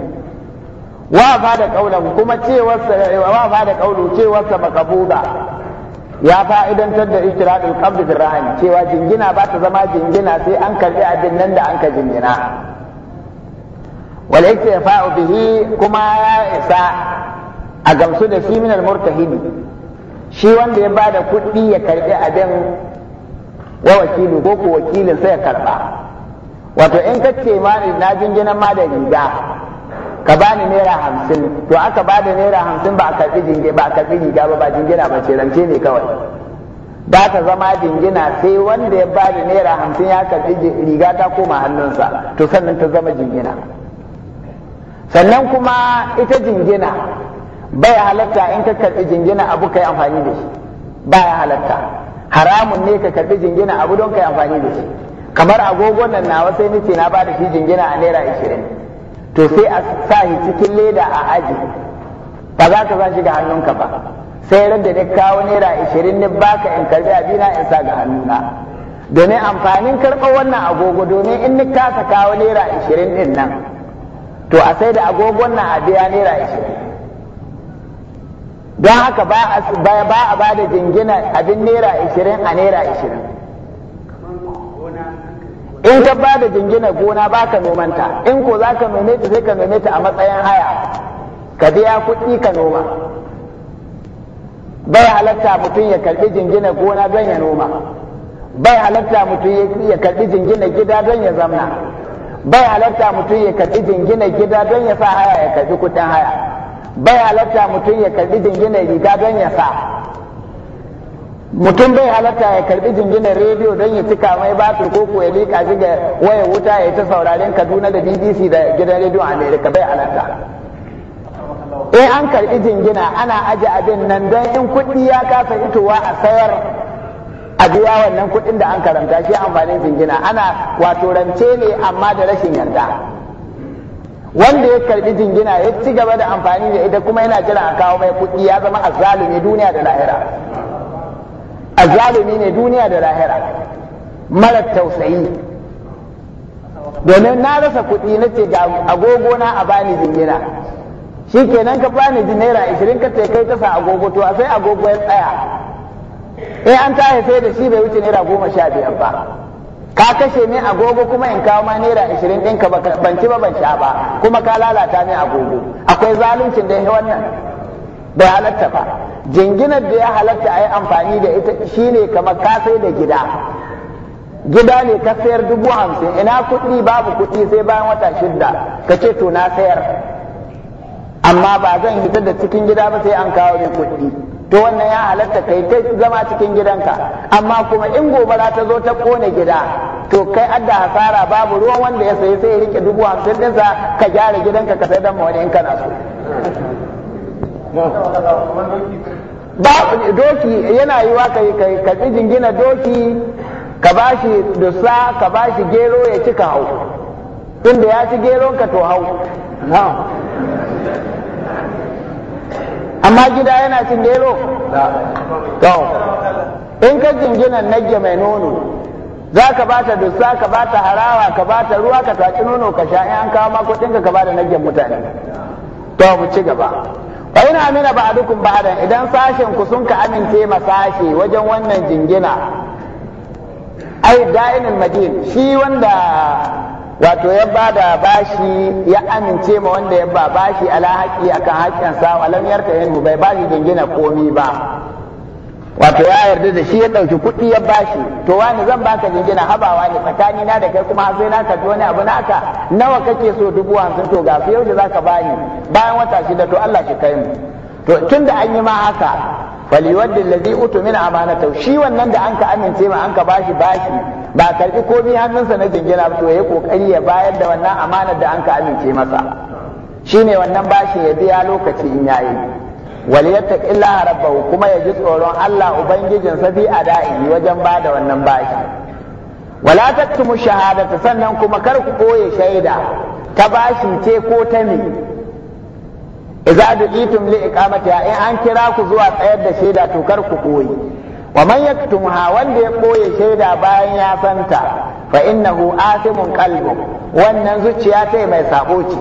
wa a da ƙaunar kuma cewarsa wa fa da ya fa'idantar da ishtiradul qabd fi rahim cewa jingina ba ta zama jingina sai an karbi abin nan da an ka jingina wal iktifa'u bihi kuma ya isa a gamsu da shi minal murtahini shi wanda ya bada kuɗi ya karɓi abin wa wakilu ko ku wakilin sai ya karɓa wato in ka ce ma na jinginan ma da riga ka bani naira hamsin to aka bada naira hamsin ba a karɓi jinge ba a karɓi riga ba ba jingina ba ce rance ne kawai da ta zama jingina sai wanda ya bada naira hamsin ya karɓi riga ta koma hannunsa to sannan ta zama jingina sannan kuma ita jingina baya halatta in ka karbi jingina abu kai amfani da shi baya halatta haramun ne ka karbi jingina abu don kai amfani da shi kamar agogon nan nawa sai nace na ba da shi jingina a naira 20 to sai a sa shi cikin leda a aji ba za ka sa shi ga hannunka ba sai ran da ne kawo naira 20 ne baka in karbi abina in sa ga hannuna domin amfanin karɓar wannan agogo domin in ni kasa kawo naira 20 din nan to a sai da agogon nan a biya naira 20 don haka ba a ba da jingina abin naira ishirin a naira ishirin in ka ba da jingina gona ba ka nomanta in ko za ka nome ta sai ka nome ta a matsayin haya ka biya kuɗi ka noma bai halatta mutum ya karɓi jingina gona don ya noma bai halatta mutum ya karɓi jingina gida don ya zamna bai halatta mutum ya karɓi jingina gida don ya sa haya ya karɓi kuɗin haya bai halatta mutum ya karbi jingina riga don ya sa mutum bai halatta ya karbi jinginan rediyo don ya cika mai batir ko ko ya lika shi ga waya wuta ya ta sauraren kaduna da bbc da gidan rediyo amerika bai halatta in an karbi jingina ana aje abin nan don in kuɗi ya kasa itowa a sayar a biya wannan kuɗin da an karanta shi amfanin jingina ana wato rance ne amma da rashin yarda wanda ya karbi jingina ya ci gaba da amfani da ita kuma yana jira a kawo mai kuɗi ya zama azzalumi duniya da lahira azzalumi ne duniya da lahira mara tausayi domin na rasa kuɗi na ce ga agogo na a bani jingina shi kenan ka bani jinera ashirin ka ce kai sa agogo to a sai agogo ya tsaya eh an ta sai da shi bai wuce naira goma sha biyar ba ka kashe min agogo kuma in kawo ma naira ashirin ɗinka ban ci ba ban sha ba kuma ka lalata min agogo akwai zaluncin da ya wannan bai halatta ba jinginar da ya halatta a yi amfani da ita shine kamar ka sai da gida gida ne ka sayar dubu hamsin ina kuɗi babu kuɗi sai bayan wata shidda ka ce to na sayar amma ba zan hita da cikin gida ba sai an kawo min kuɗi to wannan ya halatta kai ta zama cikin gidanka amma kuma in za ta zo ta kone gida to kai adda hasara babu ruwan wanda ya sayi sai ya rike dubu hamsin dinsa ka gyara gidanka ka sai dan wani in kana so ba doki yana yiwa kai kai ka jingina doki ka bashi dusa ka bashi gero ya cika hau inda ya ci geron ka to hau amma gida yana cin dero to in ka jingina nagge mai nono za ka ba ta dusa ka ba ta harawa ka ba ta ruwa ka taci nono ka sha in an kawo ma kuɗin ka ba da nage mutane to mu ci gaba a ina amina ba da idan sashen ku sun ka amince ma sashe wajen wannan jingina ai da'inin madin shi wanda wato ya ba da bashi ya amince ma wanda ya ba bashi ala haƙi akan haƙƙinsa walam yarka yanhu bai shi dangina komi ba wato ya yarda da shi ya ɗauki kuɗi ya bashi to wani zan baka jingina habawa ne tsakani na da kai kuma sai na tafi wani abu naka nawa kake so dubu hamsin to ga yau da zaka bani bayan wata shida to Allah shi kai mu to tunda an yi ma haka faliwaddi allazi utu min amanatu shi wannan da anka amince ma anka bashi bashi ba karbi komai hannunsa na jingina to ya kokari ya bayar da wannan amanar da an ka amince masa shine wannan bashin ya biya lokaci in yayi wal yattaqillaha rabbahu kuma ya ji tsoron Allah ubangijin sa bi ada'i wajen bada wannan bashi wala taktumu shahadata sannan kuma kar ku koye shaida ta bashi ce ko ta me idza du'itum li iqamati in an kira ku zuwa tsayar da shaida to kar ku koyi wa man yaktumha wanda ya ɓoye shaida bayan ya santa fa innahu asimun qalbu wannan zuciya ta mai sabo ce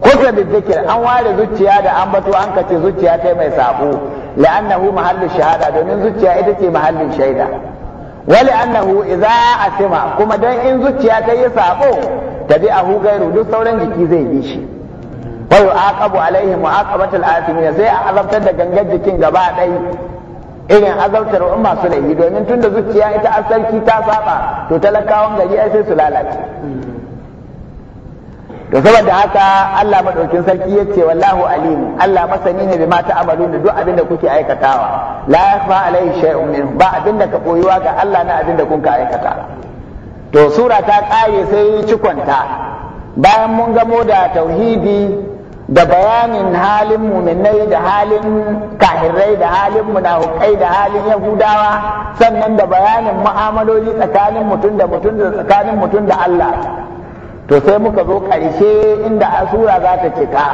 kusa da zikir an ware zuciya da an bato an kace zuciya ta mai sabo la'annahu mahallu shahada domin zuciya ita ce mahallin shaida wali annahu idza asima kuma dan in zuciya ta yi sabo tabi'ahu gairu duk sauran jiki zai bi shi wa yu'aqabu alaihi mu'aqabatul asimin sai a azabtar da gangar jikin gaba ɗaya irin azabtar in masu laifi domin da zuciya ita sarki ta saba to talakawan gari ai sai su lalace to saboda haka Allah madaukin sarki ya ce wallahu alim Allah masani ne bima da duk abin da kuke aikatawa la yakhfa alaihi shay'un min ba abin ka koyuwa ga Allah na abin da kun ka aikata to sura ta kare sai cikonta bayan mun gamo da tauhidi da bayanin halin muminai da halin kahirrai, da halin munafukai da halin yahudawa sannan da bayanin mu'amaloli tsakanin mutum da mutum da tsakanin mutum da Allah to sai muka zo ƙarshe inda asura za ta cika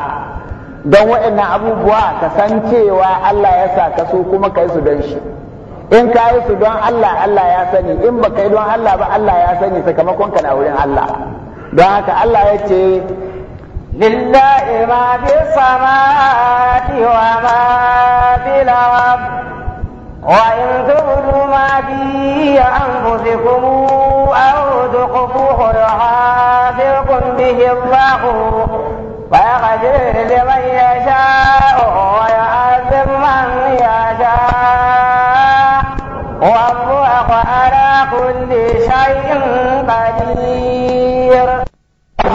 don waɗannan abubuwa ka san cewa Allah ya sa ka so kuma ka yi su don shi in ka yi su don Allah Allah ya sani in ba yi don Allah ba Allah ya sani sakamakon ka na wurin Allah don haka Allah ya ce لله ما في الصمات وما في الأرض وإن تبدوا ما في أنفسكم أو تخفوه يحاسبكم به الله ويغفر لمن يشاء ويعذب من يشاء والله على كل شيء قدير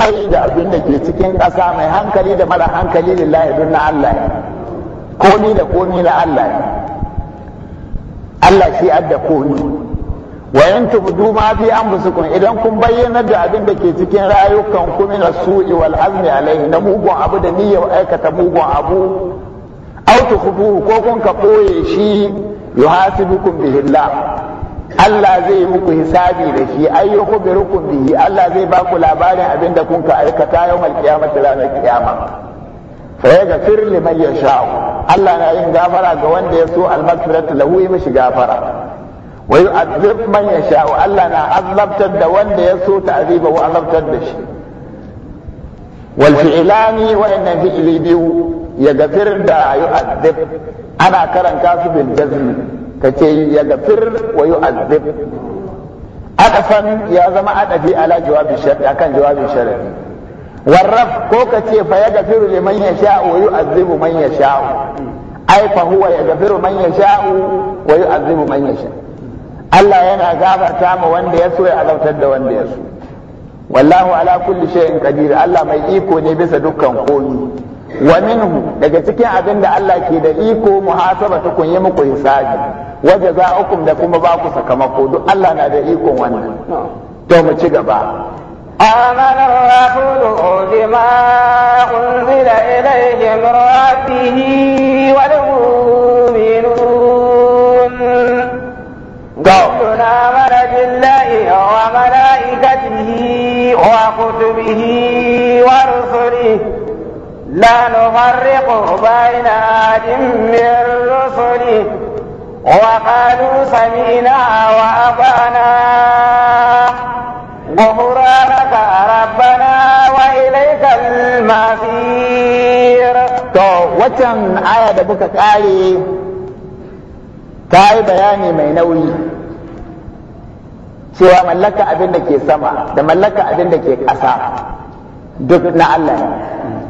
sammai da abin da ke cikin ƙasa mai hankali da mara hankali lillahi don na Allah ne komi da komi na Allah ne Allah shi adda komi wa yan tubdu ma fi anfusikum idan kun bayyana da abin da ke cikin rayukan ku min as-su'i wal azmi alayhi na mugun abu da niyyar aikata mugun abu aw tukhfuhu ko kun ka boye shi yuhasibukum bihi Allah Allah zai muku hisabi da shi ai yukhbirukum bihi Allah zai ba ku labarin abinda kun ka aikata yawmal qiyamati ranar kiyama fa yaghfir liman yasha Allah na yin gafara ga wanda ya so al-maghfiratu lahu yi mishi gafara wa yu'adhib man yasha Allah na azabtar da wanda ya so ta'ziba wa azabtar da shi wal fi'lani wa inna fi'li biyu yaghfir da yu'adhib ana karanta su bil jazm ce ya gafir wa yu'adhib adafan ya zama adabi ala jawabin shar'i akan jawabin shari'a. warraf ko ka ce fa ya gafiru liman sha'u wa yu'adhibu man sha'u? ai fa huwa ya gafiru man sha'u wa yu'adhibu man yasha Allah yana gafarta ma wanda ya so ya azabtar da wanda ya so wallahu ala kulli shay'in qadir Allah mai iko ne bisa dukkan komai wa minhu daga cikin abin da Allah ke da iko muhasaba ta kun yi muku hisabi wa jaza'ukum da kuma ba ku sakamako duk Allah na da iko wannan to mu ci gaba آمن الرسول بما أنزل إليه من ربه والمؤمنون كلنا آمن بالله وملائكته وكتبه ورسله لا نفرق بين أحد من رسله وقالوا سمعنا وأطعنا غفرانك ربنا وإليك المصير to waccan aya da muka kare ta yi bayani mai nauyi cewa mallaka abin da ke sama da mallaka abin da ke ƙasa duk na Allah ne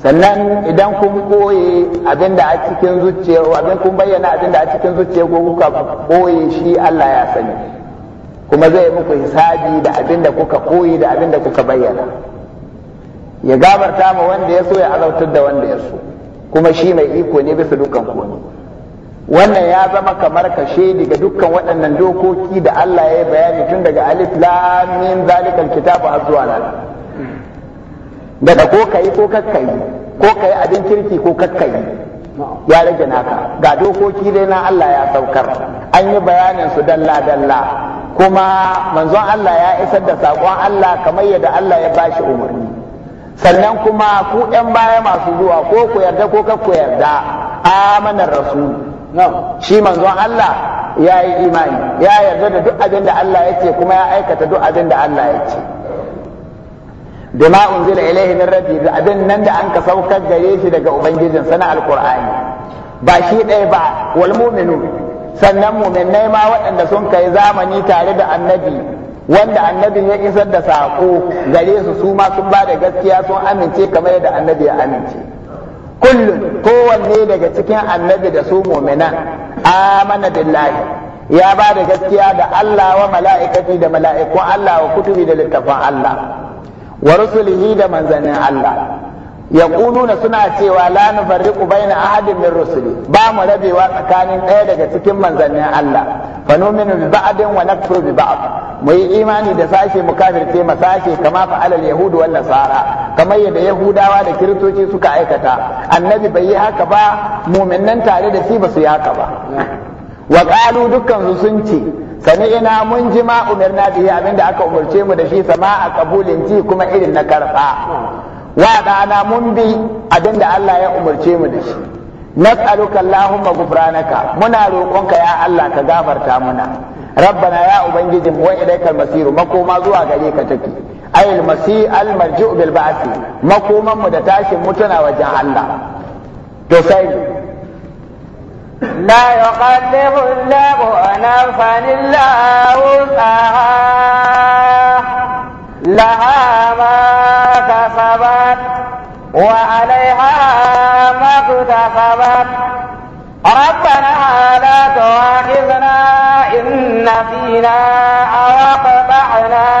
sannan idan kun koye abin da a cikin zuciya abin kun bayyana abin da a cikin zuciya ko kuka koye shi Allah ya sani kuma zai yi muku hisabi da abin da kuka koyi da abin da kuka bayyana ya gabarta ma wanda ya so ya azautar da wanda ya so kuma shi mai iko ne bisa dukkan komai wannan ya zama kamar kashe daga dukkan waɗannan dokoki da Allah ya yi bayani tun daga alif lam mim zalikal kitabu azwala daga ko kai ko kakkai ko kai abin kirki ko kakkai ya rage naka ga dokoki dai na Allah ya saukar an yi bayanin su dalla dalla kuma manzon Allah ya isar da sakon Allah kamar yadda Allah ya bashi umarni sannan kuma ku ɗan baya masu zuwa ko ku yarda ko kar ku yarda amanar rasul shi manzon Allah ya yi imani ya yarda da duk abin da Allah ya ce kuma ya aikata duk abin da Allah ya ce bima unzila ilaihi min rabbi abin nan da an ka saukar gare shi daga ubangijin sana alqur'ani ba shi ɗaya ba wal mu'minu sannan mu'minai ma waɗanda sun kai zamani tare da annabi wanda annabin ya isar da saƙo gare su su ma sun ba da gaskiya sun amince kamar yadda annabi ya amince kullun kowanne daga cikin annabi da su mu'minan amana billahi ya ba da gaskiya da Allah wa mala'ikati da mala'ikun Allah wa kutubi da littafan Allah wa rusulihi da manzanin Allah yaquluna suna cewa la ku baina ahadin min rusuli ba mu rabewa tsakanin ɗaya daga cikin manzannin Allah fa nu'minu bi ba'din wa nakfuru bi ba'd mu yi imani da sashe mu kafirce ma sashe kama fa alal yahudu wal nasara kamar yadda yahudawa da kiristoci suka aikata annabi bai yi haka ba Muminnan tare da shi ba su yi haka ba wa qalu dukkan su sun ce sani ina mun ji ma da bihi abinda aka umarce mu da shi sama a kabulin ji kuma irin na karfa wa dana mun bi abinda Allah ya umarce mu da shi nas'aluka allahumma Gubranaka, muna roƙonka ya Allah ka gafarta muna rabbana ya ubangijin wa ilaikal masiru makoma zuwa gare ka take ayil masi al marji'u bil makoman mu da tashin mutuna wajen Allah to sai لا يقلب الله نفسا إلا وسعها لها ما كسبت وعليها ما اكتسبت ربنا لا تؤاخذنا إن فينا أو أقطعنا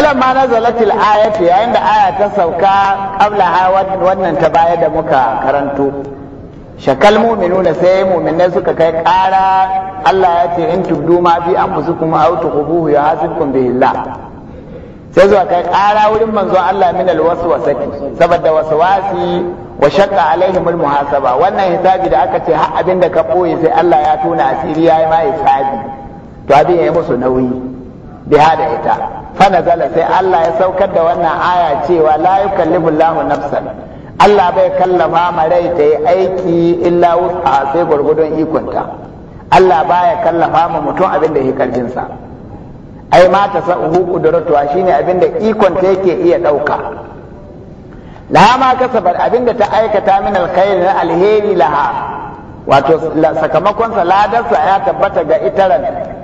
falamma Aya ce, yayin da aya ta sauka qabla wannan ta baya da muka karanto shakal mu'minuna sai mu'minai suka kai ƙara Allah ya ce in tubdu ma bi anfusukum aw tuqbuhu yuhasibkum billah sai zuwa kai ƙara wurin manzo Allah min alwaswasati saboda waswasi wa shaqqa alaihim almuhasaba wannan hisabi da aka ce har abinda ka boye sai Allah ya tona asiri yayi ma hisabi to abin ya musu nauyi bi hada ita fanazala sai Allah ya saukar da wannan aya cewa la yukallifu Allahu nafsan Allah bai kallafa ma rai ta yi aiki illa wusa sai gurgudun ikonta Allah baya kallafa mu mutum abin da yake sa ai ma ta sa'uhu qudratuwa shine abin da ikonta yake iya dauka la ma kasabar abin da ta aikata min alkhair na alheri laha wato sakamakonsa sa ya tabbata ga itaran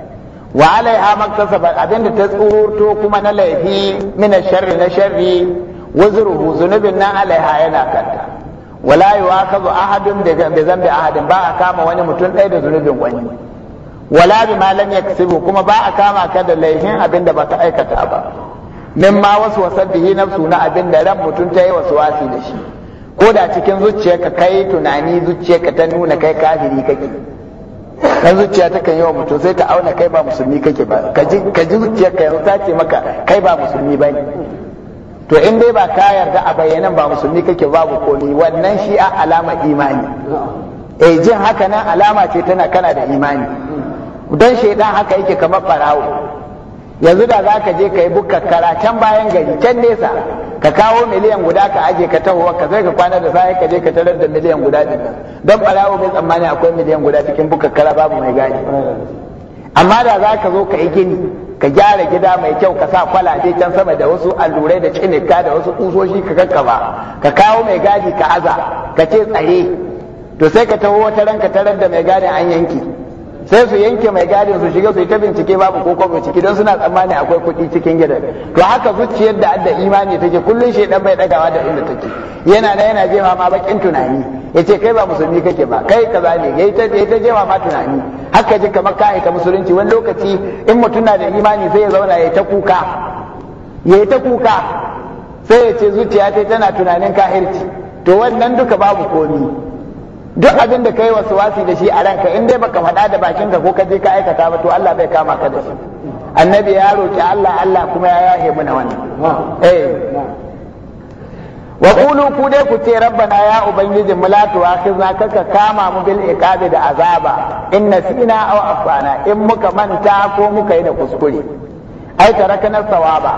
wa alaiha abin abinda ta tsurto kuma na laifi mina sharri na sharri wazruhu zunubin nan alaiha yana kanta wala yu'akhadhu ahadun bi zambi ahadin ba a kama wani mutum ɗaya da zunubin wani wala bi ma lam yaksibu kuma ba a kama ka da laifin abinda baka aikata ba mimma waswasa bihi nafsu na abinda ran mutum ta yi wasi da shi ko da cikin zuciyarka kai tunani zuciyarka ta nuna kai kafiri kake kan zuciya ta kan yi wa mutum sai ta auna kai ba musulmi kake ba ka ji zuciyar ka yanzu ta ce maka kai ba musulmi ba ne to in dai ba ka yarda a bayyanan ba musulmi kake babu komi wannan shi a alama imani eh jin haka nan alama ce tana kana da imani Don shaidan haka yake kamar farawo yanzu da za ka je ka yi bukkakara can bayan gari can nesa ka kawo miliyan guda ka aje ka taho ka sai ka kwana da sai ka je ka tarar da miliyan guda din don barawo bai tsammani akwai miliyan guda cikin bukakkara babu mai gani amma da za ka zo ka yi gini ka gyara gida mai kyau ka sa kwalabe can sama da wasu allurai da cinika da wasu kusoshi ka kakkaba ka kawo mai gadi ka aza ka ce tsaye to sai ka taho wata ranka tarar da mai gadi an yanki sai su yanke mai gadin su shiga su yi ta bincike babu ko kuma ciki don suna tsammani akwai kuɗi cikin gidan to haka zuciyar da adda imani take kullum shi dan bai dagawa da inda take yana na yana jema ma bakin tunani yace kai ba musulmi kake ba kai kaza ne yayi ta yayi ta jema ma tunani haka ji kamar kai ta musulunci wani lokaci in mutum na da imani sai ya zauna yayi ta kuka yayi ta kuka sai ya ce zuciya tana tunanin kahirci to wannan duka babu komi duk abin da kai wasu wasi da shi a ranka in dai baka faɗa da bakin ka, ko ka je ka aikata ba to Allah bai kama ka da shi annabi ya roki Allah Allah kuma ya yahe muna wannan eh wa qulu ku dai ku ce rabbana ya ubangiji mu la tu'akhizna kaka kama mu bil iqabi da azaba in nasina aw afana in muka manta ko muka yi da kuskure ai tarakana sawaba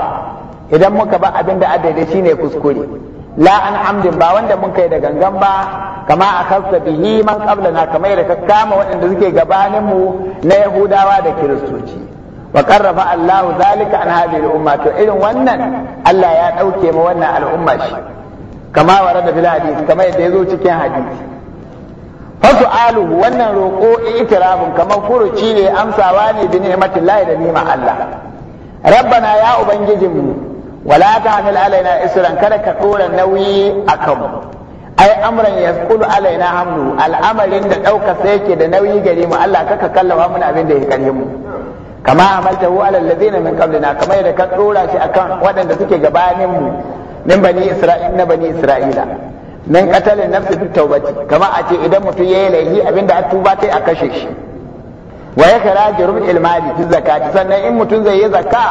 idan muka ba abin da shi shine kuskure la an hamdin ba wanda mun kai da gangan ba kama a kasta bihi man na kamar da ka kama waɗanda suke gabanin mu na yahudawa da kiristoci wa qarraba Allah zalika an hadhihi al-umma to irin wannan Allah ya dauke ma wannan al'umma shi kama warada bil hadith kama yadda yazo cikin hadisi fa su'alu wannan roko itirafin kamar furuci ne amsawa ne bi ni'matillahi da ni'ma Allah rabbana ya ubangijinmu wala ta hamil alaina isran kada ka dora nauyi a kanmu ai amran yasqulu alaina hamlu al'amarin da ɗauka sai yake da nauyi gare mu Allah kaka kallawa mun abin da ya karye mu kama amaltahu ala alladhina min qablina kama yadda ka dora shi akan waɗanda suke gabanin mu na bani isra'ila min qatalin nafsi fit tawbati kama a ce idan mutum yayi laifi abinda a tuba sai a kashe shi wa ya kara jirun ilmali fi zakati sannan in mutum zai yi zakka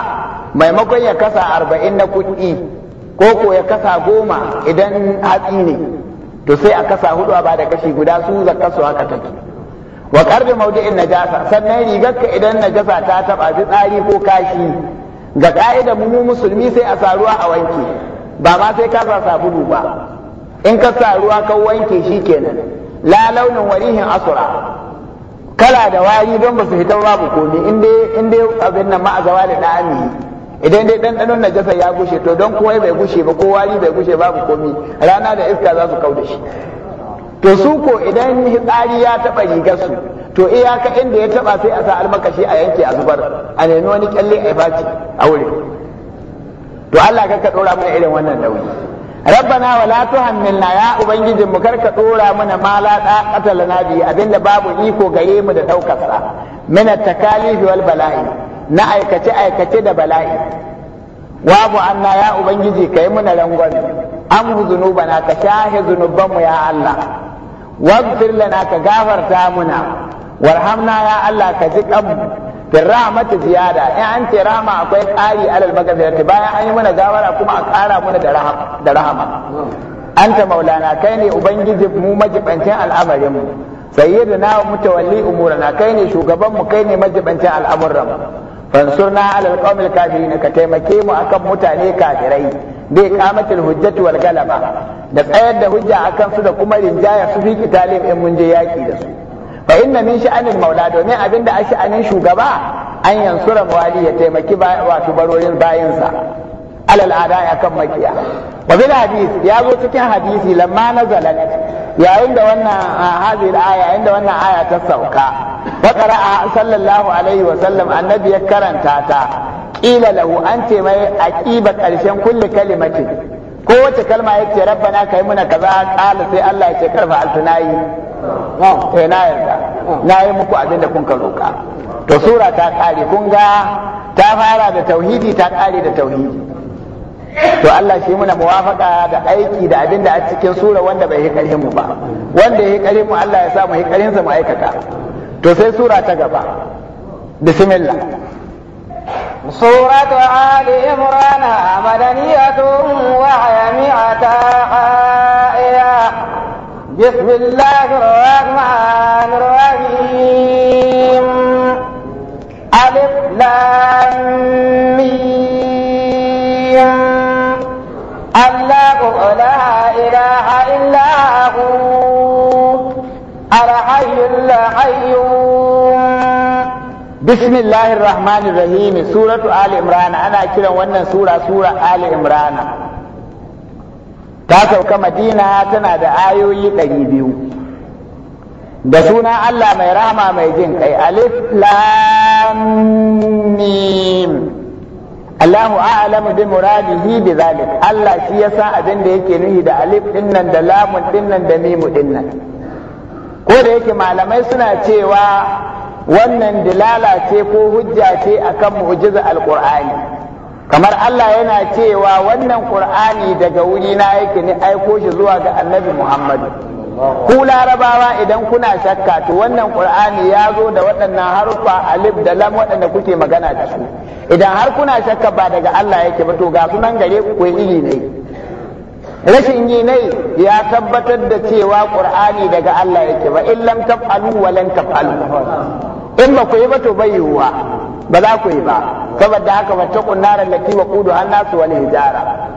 maimakon ya kasa arba'in na kuɗi ko ko ya kasa goma idan hatsi ne to sai a kasa hudu a bada kashi guda su zakka su haka take wa karbi maudu'in najasa sannan rigarka idan najasa ta taba fitsari ko kashi ga ka'ida mu musulmi sai a sa ruwa a wanke ba ma sai ka sa sabulu ba in ka sa ruwa ka wanke kenan. la launin warihin asura kala da wari don ba su hita babu komi, in dai in abin nan ma'azawa da dami idan dai na jasa ya gushe to don kowai bai gushe ba ko wari bai gushe babu komi. rana da iska za su kauda shi to su ko idan hitsari ya taba rigar su to iyaka inda ya taba sai a sa almakashi a yanke a zubar a nemi wani kyalle a yi a wuri, to Allah ka ka dora mana irin wannan dauri rabbana wala tuhammilna ya ubangiji mu karka dora mana ma la taqata lana abinda babu iko gare mu da daukar sa takalifi wal bala'i na aikace aikace da bala'i wabu anna ya ubangiji kai muna rangwame an zunubana ka shahe zunubanmu ya Allah waghfir lana ka gafarta muna warhamna ya Allah ka ji kanmu fi rahmatu ziyada in an ce rahama akwai ƙari alal magazirati bayan an yi mana gawara kuma a ƙara mana da rahama anta maulana kai ne ubangiji mu majibancin al'amarin mu sayyidina wa mutawalli umurana kai ne shugaban mu kai ne majibancin al'amuran mu fansurna alal qawmil kafirin ka taimake mu akan mutane kafirai bai kamatil hujjatu wal galaba da tsayar da hujja akan su da kuma rinjaya su fi kitalin in mun je yaki da su fa inna min sha'anil maula domin abinda a sha'anin shugaba an yansura mawali ya taimaki wato barorin bayansa alal ada akan makiya wa bil ya zo cikin hadisi lamma nazalat yayin da wannan hadhihi aya yayin da wannan aya ta sauka wa qara'a sallallahu alaihi wa sallam annabi ya karanta ta qila lahu an a mai aqiba karshen kulli kalimatin kowace kalma yake rabbana kai muna kaza qala sai Allah ya ce karfa altunayi eh na yarda na yi muku abin da kun ka roƙa to sura ta kare kun ga ta fara da tauhidi ta kare da tauhidi to Allah shi muna muwafaka da aiki da abin da a cikin sura wanda bai yi karhin mu ba wanda ya yi karhin mu Allah ya sa mu yi karhin sa mu aikata to sai sura ta gaba bismillah سورة آل عمران مدنية وهي مئة بسم الله الرحمن الرحيم ألف لام الله لا إله إلا هو الحي القيوم بسم الله الرحمن الرحيم سورة آل عمران أنا كلا وانا سورة سورة آل عمران ta sauka madina tana da ayoyi ɗari biyu da suna Allah mai rahama mai jin kai alif lam mim Allahu a'lamu bi muradihi bi zalik Allah shi yasa abin da yake nuhi da alif dinnan da lamun dinnan da mimu dinnan ko da yake malamai suna cewa wannan dilala ce ko hujja ce akan mu'jiza alqur'ani kamar Allah yana cewa wannan Qur'ani daga wuri na yake ni aiko shi zuwa ga Annabi Muhammadu. ku larabawa idan kuna shakka to wannan Qur'ani ya zo da waɗannan harfa alif da lam waɗanda kuke magana da su idan har kuna shakka ba daga Allah yake ba to ga sunan gare ku iri ne rashin yi ne ya tabbatar da cewa Qur'ani daga Allah yake ba illam taf'alu walan taf'alu in ba ku yi ba to bai yiwuwa ba za ku yi ba saboda haka wacce kunnarar lati wa kudu an nasu wani hijara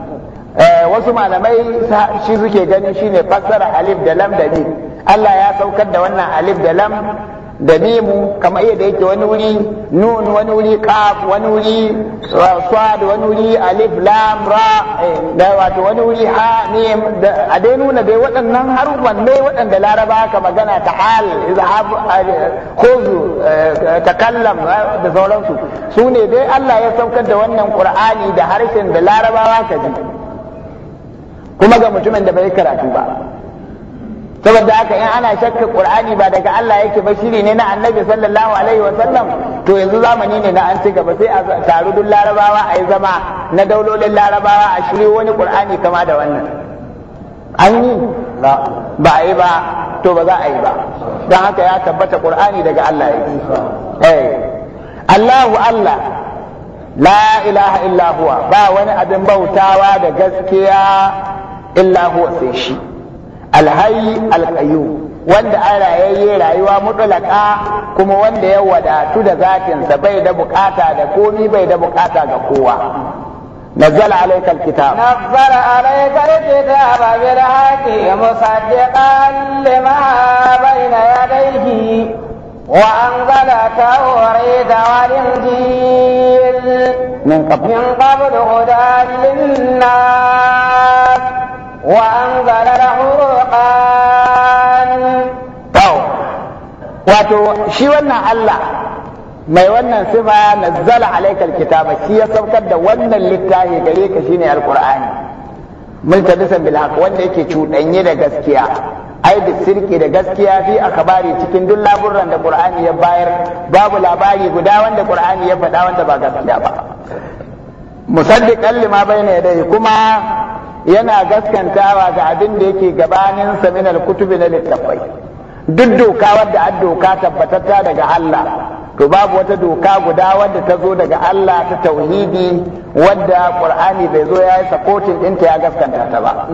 eh, wasu malamai shi suke gani shine fassara alif da lam da ni. Allah ya saukar da wannan alif da lam da mimu kamar yadda yake wani wuri nun wani wuri kaf wani wuri swad wani wuri alif lam ra eh, da wato wani wuri ha mim a dai nuna dai waɗannan harufan ne waɗanda laraba ka magana ta hal izhab eh, khuzu eh, takallam da sauransu su ne dai Allah ya saukar da wannan qur'ani da harshen da larabawa ka ji kuma ga mutumin da bai karatu ba saboda haka in ana shakka qur'ani ba daga Allah yake ba shiri ne na annabi sallallahu alaihi wasallam to yanzu zamani ne na an ci gaba sai a taru duk larabawa a yi zama na daulolin larabawa a shiri wani qur'ani kama da wannan an yi ba a yi ba to ba za a yi ba don haka ya tabbata qur'ani daga Allah yake eh Allahu Allah la ilaha illa huwa ba wani abin bautawa da gaskiya illa huwa sai shi alhayi alkayu wanda an rayayye rayuwa mutulaka kuma wanda ya wadatu da zatinsa bai da bukata da komi bai da bukata ga kowa نزل عليك الكتاب نزل عليك الكتاب بالحق مصدقا لما بين يديه وأنزل التوريد والإنجيل من قبل من قبل هدى للناس وأنزل له القرآن تو واتو شي wannan Allah mai wannan sifa nazzala alaika alkitaba shi ya saukar da wannan littafi gare ka shine alqur'ani multadisan bil haqq wanda yake cudanye da gaskiya ai da sirki da gaskiya fi akabari cikin duk laburan da qur'ani ya bayar babu labari guda wanda qur'ani ya faɗa wanda ba gaskiya ba musaddiqan lima bayna yadayhi kuma yana gaskantawa ga abin da yake gabanin sa min kutubi na littafai duk doka wadda an doka tabbatatta daga Allah to babu wata doka guda wadda ta zo daga Allah ta tauhidi wadda Qur'ani bai zo yayi yi sakotin ɗinta ya gaskanta ta ba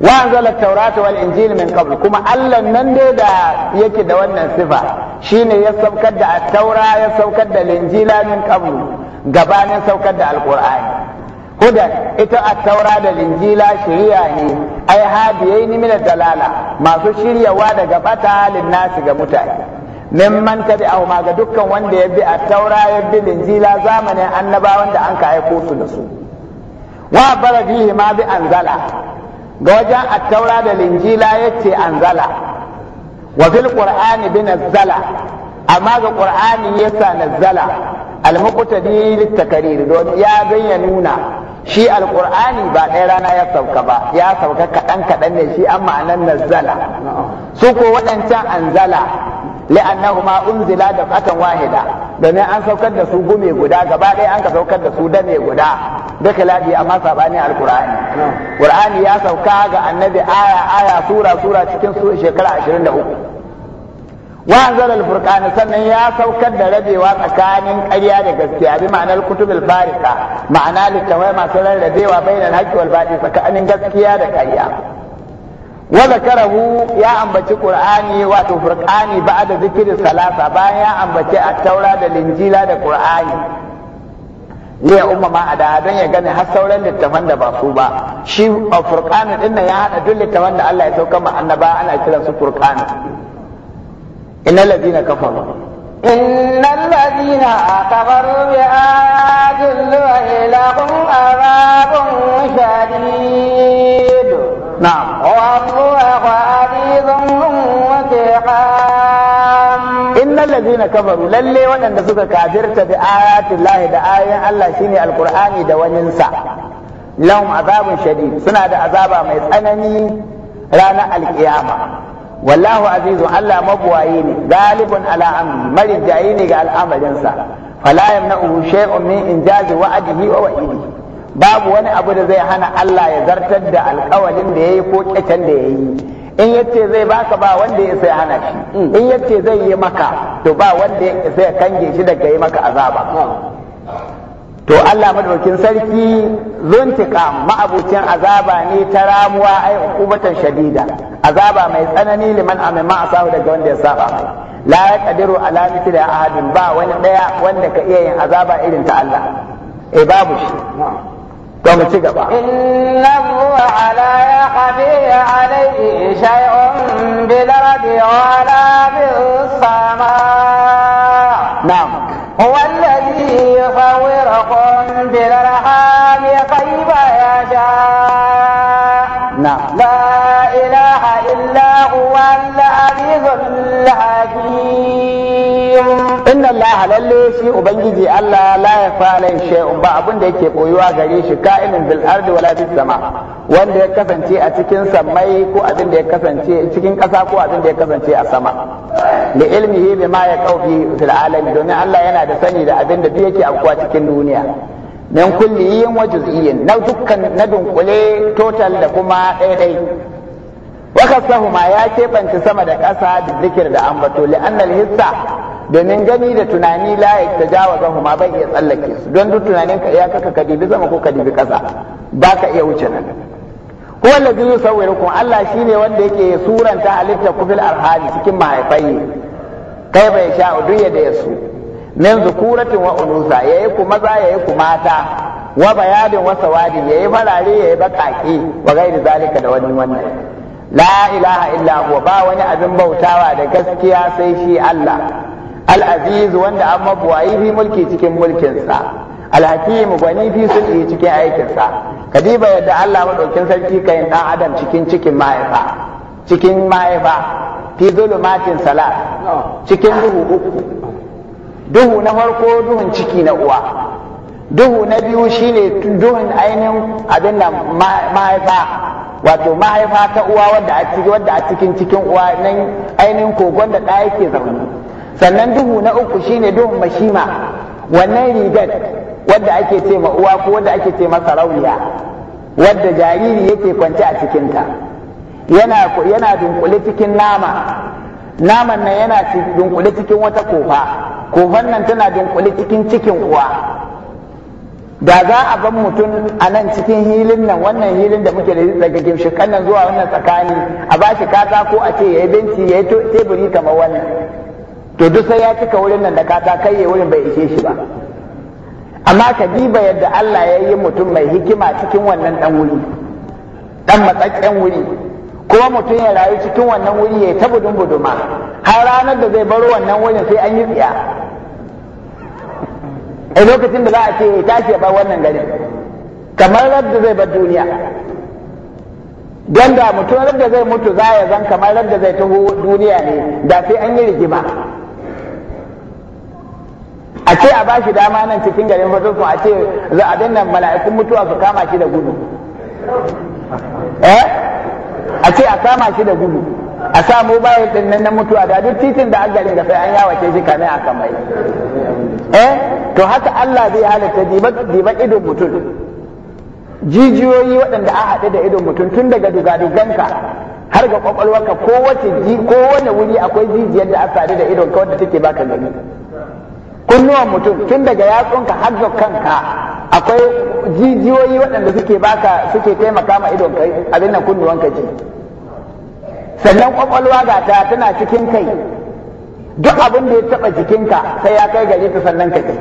wa anzala tawrata wal injil min qabl kuma Allah nan dai da yake da wannan sifa shine ya saukar da at-taura ya saukar da injila min qabl gabanin saukar da al-Qur'ani hudan ita Attaura taura da linjila shari'a ne ai hadiyai ni min dalala masu shiryawa daga bata nasu ga mutane ta bi ma ga dukkan wanda ya bi Attaura taura ya bi linjila zamanin annabawan da an ka aiko su da su wa bara fihi ma bi anzala ga wajen Attaura taura da linjila ya yace anzala wa fil qur'ani bi nazzala amma ga qur'ani yasa nazzala al-muqtadi lit-takrir don ya ganya nuna shi al-qur'ani ba ɗaya rana ya sauka ba ya sauka kaɗan kaɗan ne shi an ma'anan nazzala su ko waɗancan anzala ma unzila da fatan wahida domin an saukar da su gume guda gaba ɗaya an ka saukar da su dame guda duka Ladi amma sabani al qur'ani ya sauka ga annabi aya aya sura sura cikin shekara 23 wa zalal furqani sannan ya saukar da rabewa tsakanin ƙarya da gaskiya bi ma'anar kutubul fariqa ma'ana litawai masu rarrabewa bainal haqqi wal tsakanin gaskiya da ƙarya wa zakarahu ya ambaci qur'ani wato furqani da zikirin salasa bayan ya ambaci at-taura da linjila da qur'ani ne ya umma ma'ada don ya gane har sauran littafan da ba su ba shi furqani din nan ya hada duk littafan da Allah ya sauka ma annaba ana kiransu furqani innal ladina kafaru kafaru bi waɗanda suka kafirta bi ayatin da ayoyin Allah shine alqur'ani da waninsa lahum azabun shadid suna da azaba mai tsanani ranar alkiyama wallahu a'zizu Allah mabuwaye ne galibun ala amri marijjayi ne ga al'amarinsa fala yamna'uhu shay'un min in wa'adihi wa wa'idi babu wani abu da zai hana Allah ya zartar da alƙawalin da yayi ko kyacen da yayi in yace zai baka ba wanda ya sai hana shi in yace zai yi maka to ba wanda ya sai kange shi daga yi maka azaba to Allah madaukin sarki zuntika ma'abucin azaba ne ta ramuwa ai ukubatan shadida azaba mai tsanani liman amin ma'asa daga wanda ya saba mai la yaqdiru ala mithli ahadin ba wani daya wanda ka iya yin azaba irin ta Allah E, babu shi to mu ci gaba inna allaha la yaqdi alayhi shay'un bi ardi wa la bis sama na'am هو الذي يصوركم بالارحام الأرحام كيف يشاء نعم لا إله إلا هو العزيز الحكيم inna Allah lalle shi ubangiji Allah la ya fa'ala shay'un ba abin da yake koyuwa gare shi ka'inun bil ardi wala bis sama wanda ya kasance a cikin samai ko abin da ya kasance cikin ƙasa ko abin da ya kasance a sama li ilmihi bima ya qawbi fil alami domin Allah yana da sani da abin da duk yake aukuwa cikin duniya min kulliyin wa juz'iyyin na dukkan na dunkule total da kuma ɗaiɗai wakasahuma ya keɓance sama da ƙasa da zikir da ambato li'annal hissa domin gani da tunani la ya tajawaza huma bai iya tsallake su don duk tunanin ka ya kaka kadibi zama ko kadibi kasa ba ka iya wuce nan huwa allazi yusawwirukum Allah shine wanda yake suranta halitta kufil arhami cikin mahaifai kai bai sha audu-ya da yasu min zukuratin wa unusa yayi ku maza yayi ku mata wa bayanin wa yi yayi farare yayi bakaki wa gairi zalika da wani wannan la ilaha illa huwa ba wani abin bautawa da gaskiya sai shi Allah al-aziz wanda an mabuwayi fi mulki cikin mulkinsa al-hakim gwani fi sulhi cikin aikinsa kadiba yadda Allah madaukin sarki kai dan adam cikin cikin mahaifa cikin mahaifa fi zulumatin salat cikin duhu uku duhu na farko duhun ciki na uwa duhu na biyu shine duhun ainihin abin da mahaifa wato mahaifa ta uwa wadda a cikin wadda a cikin cikin uwa nan ainihin kogon da ɗaya yake zaune sannan duhu na uku shine duhun mashima wannan rigar wadda ake ce ma uwa ko wadda ake ce masa rauniya wadda jariri yake kwance a cikinta yana yana dunkule cikin nama naman nan yana dunkule cikin wata kofa kofan nan tana dunkule cikin cikin uwa da za a ban mutum a nan cikin hilin nan wannan hilin da muke da daga gimshikan nan zuwa wannan tsakani a ba shi katako a ce ya yi benci ya yi teburi kamar wannan to duk sai ya cika wurin nan da kai ya wurin bai ishe shi ba amma ka diba yadda Allah ya yi mutum mai hikima cikin wannan dan wuri dan matsakken wuri kuma mutum ya rayu cikin wannan wuri ya ta budun buduma har ranar da zai baro wannan wurin sai an yi tsiya a lokacin da za a ce ya tashi ya bar wannan garin kamar radda zai bar duniya don da mutum radda zai mutu za ya zan kamar radda zai tuhu duniya ne da sai an yi rigima a ce a bashi dama nan cikin garin fatosun a ce za a dinnan mala'ikun mutuwa su kama shi da gudu eh a ce a kama shi da gudu a sa bayan din nan na mutuwa da duk titin da agarin da sai an yawace shi kamar a mai eh to haka Allah zai halatta diba idon mutum jijiyoyi waɗanda a haɗe da idon mutum tun daga dugaduganka har ga kwakwalwarka kowace ji ko wani wuri akwai jijiyar da a sadu da idon ka wanda take baka gani kunnuwan mutum tun daga yatsunka har kanka akwai jijiyoyi waɗanda suke baka suke taimaka ma idon kai abin nan kunnuwan ka ji sannan kwakwalwa ga ta tana cikin kai duk abin da ya taɓa jikinka sai ya kai gare ta sannan ka ji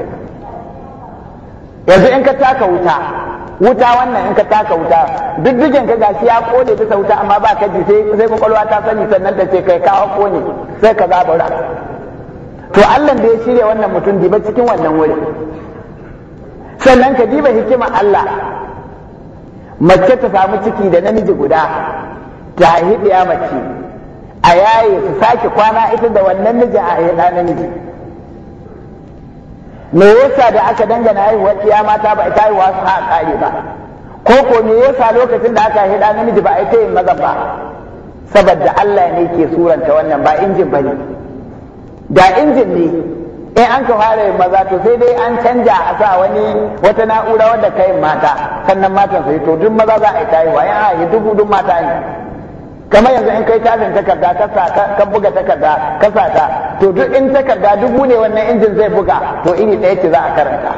yanzu in ka taka wuta wuta wannan in ka taka wuta duk dukkan ka gashi ya kone bisa wuta amma ba ka ji sai kwakwalwa ta sani sannan ta ce kai ka ne sai ka zabura to Allah da ya shirya wannan mutum diba cikin wannan wuri sannan ka diba hikima Allah mace ta samu ciki da namiji guda ta haihi ɗaya mace a yaye su sake kwana ita da wannan miji a na namiji me yasa da aka dangana haihuwar ɗiya mata ba ita haihuwa su ha ƙare ba ko ko me yasa lokacin da aka da namiji ba a ita yin maza ba saboda Allah ne ke suranta wannan ba injin bane da injin ne in eh, an ka fara yin maza to sai dai an canja a sa wani wata na'ura wanda ka yin mata sannan matan sai to duk maza za a yi wa? ya a yi dubu duk mata ne kamar yanzu in kai tafin takarda ka sa ka buga takarda ka sa ta to duk in takarda dubu ne wannan injin zai buga to iri ɗaya ce za a karanta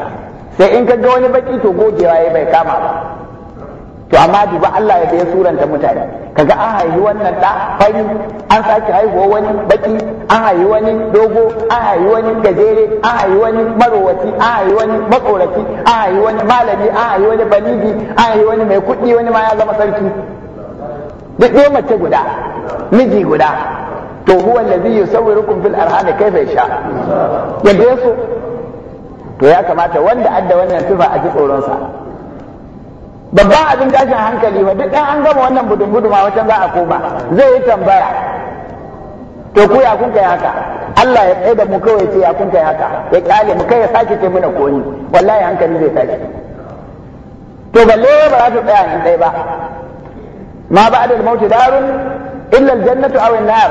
sai in ka ga wani baki to gogewa ya bai kama ba to amma duba Allah ya ya suranta mutane kaga an haihu wannan da fari an sake haihuwa wani baki an haihu wani dogo an haihu wani gajere an haihu wani marowaci an haihu wani makorafi an haihu wani malami an haihu wani banidi an haihu wani mai kuɗi wani ma ya zama sarki duk dai mace guda miji guda to huwa allazi yusawwirukum fil arham kayfa yasha yadda yaso to ya kamata wanda adda wannan sifa a ji tsoron sa babban abin tashin hankali ba duk an gama wannan budun guduma wajen za a koma zai yi tambaya to ku ya kun kai haka Allah ya tsaye da mu kawai ce ya kun kai haka ya kyale mu kai ya sake ce muna koyi wallahi hankali zai tashi to balle ba za ta tsaya nan dai ba ma ba da mauti darun illa aljannatu aw an-nar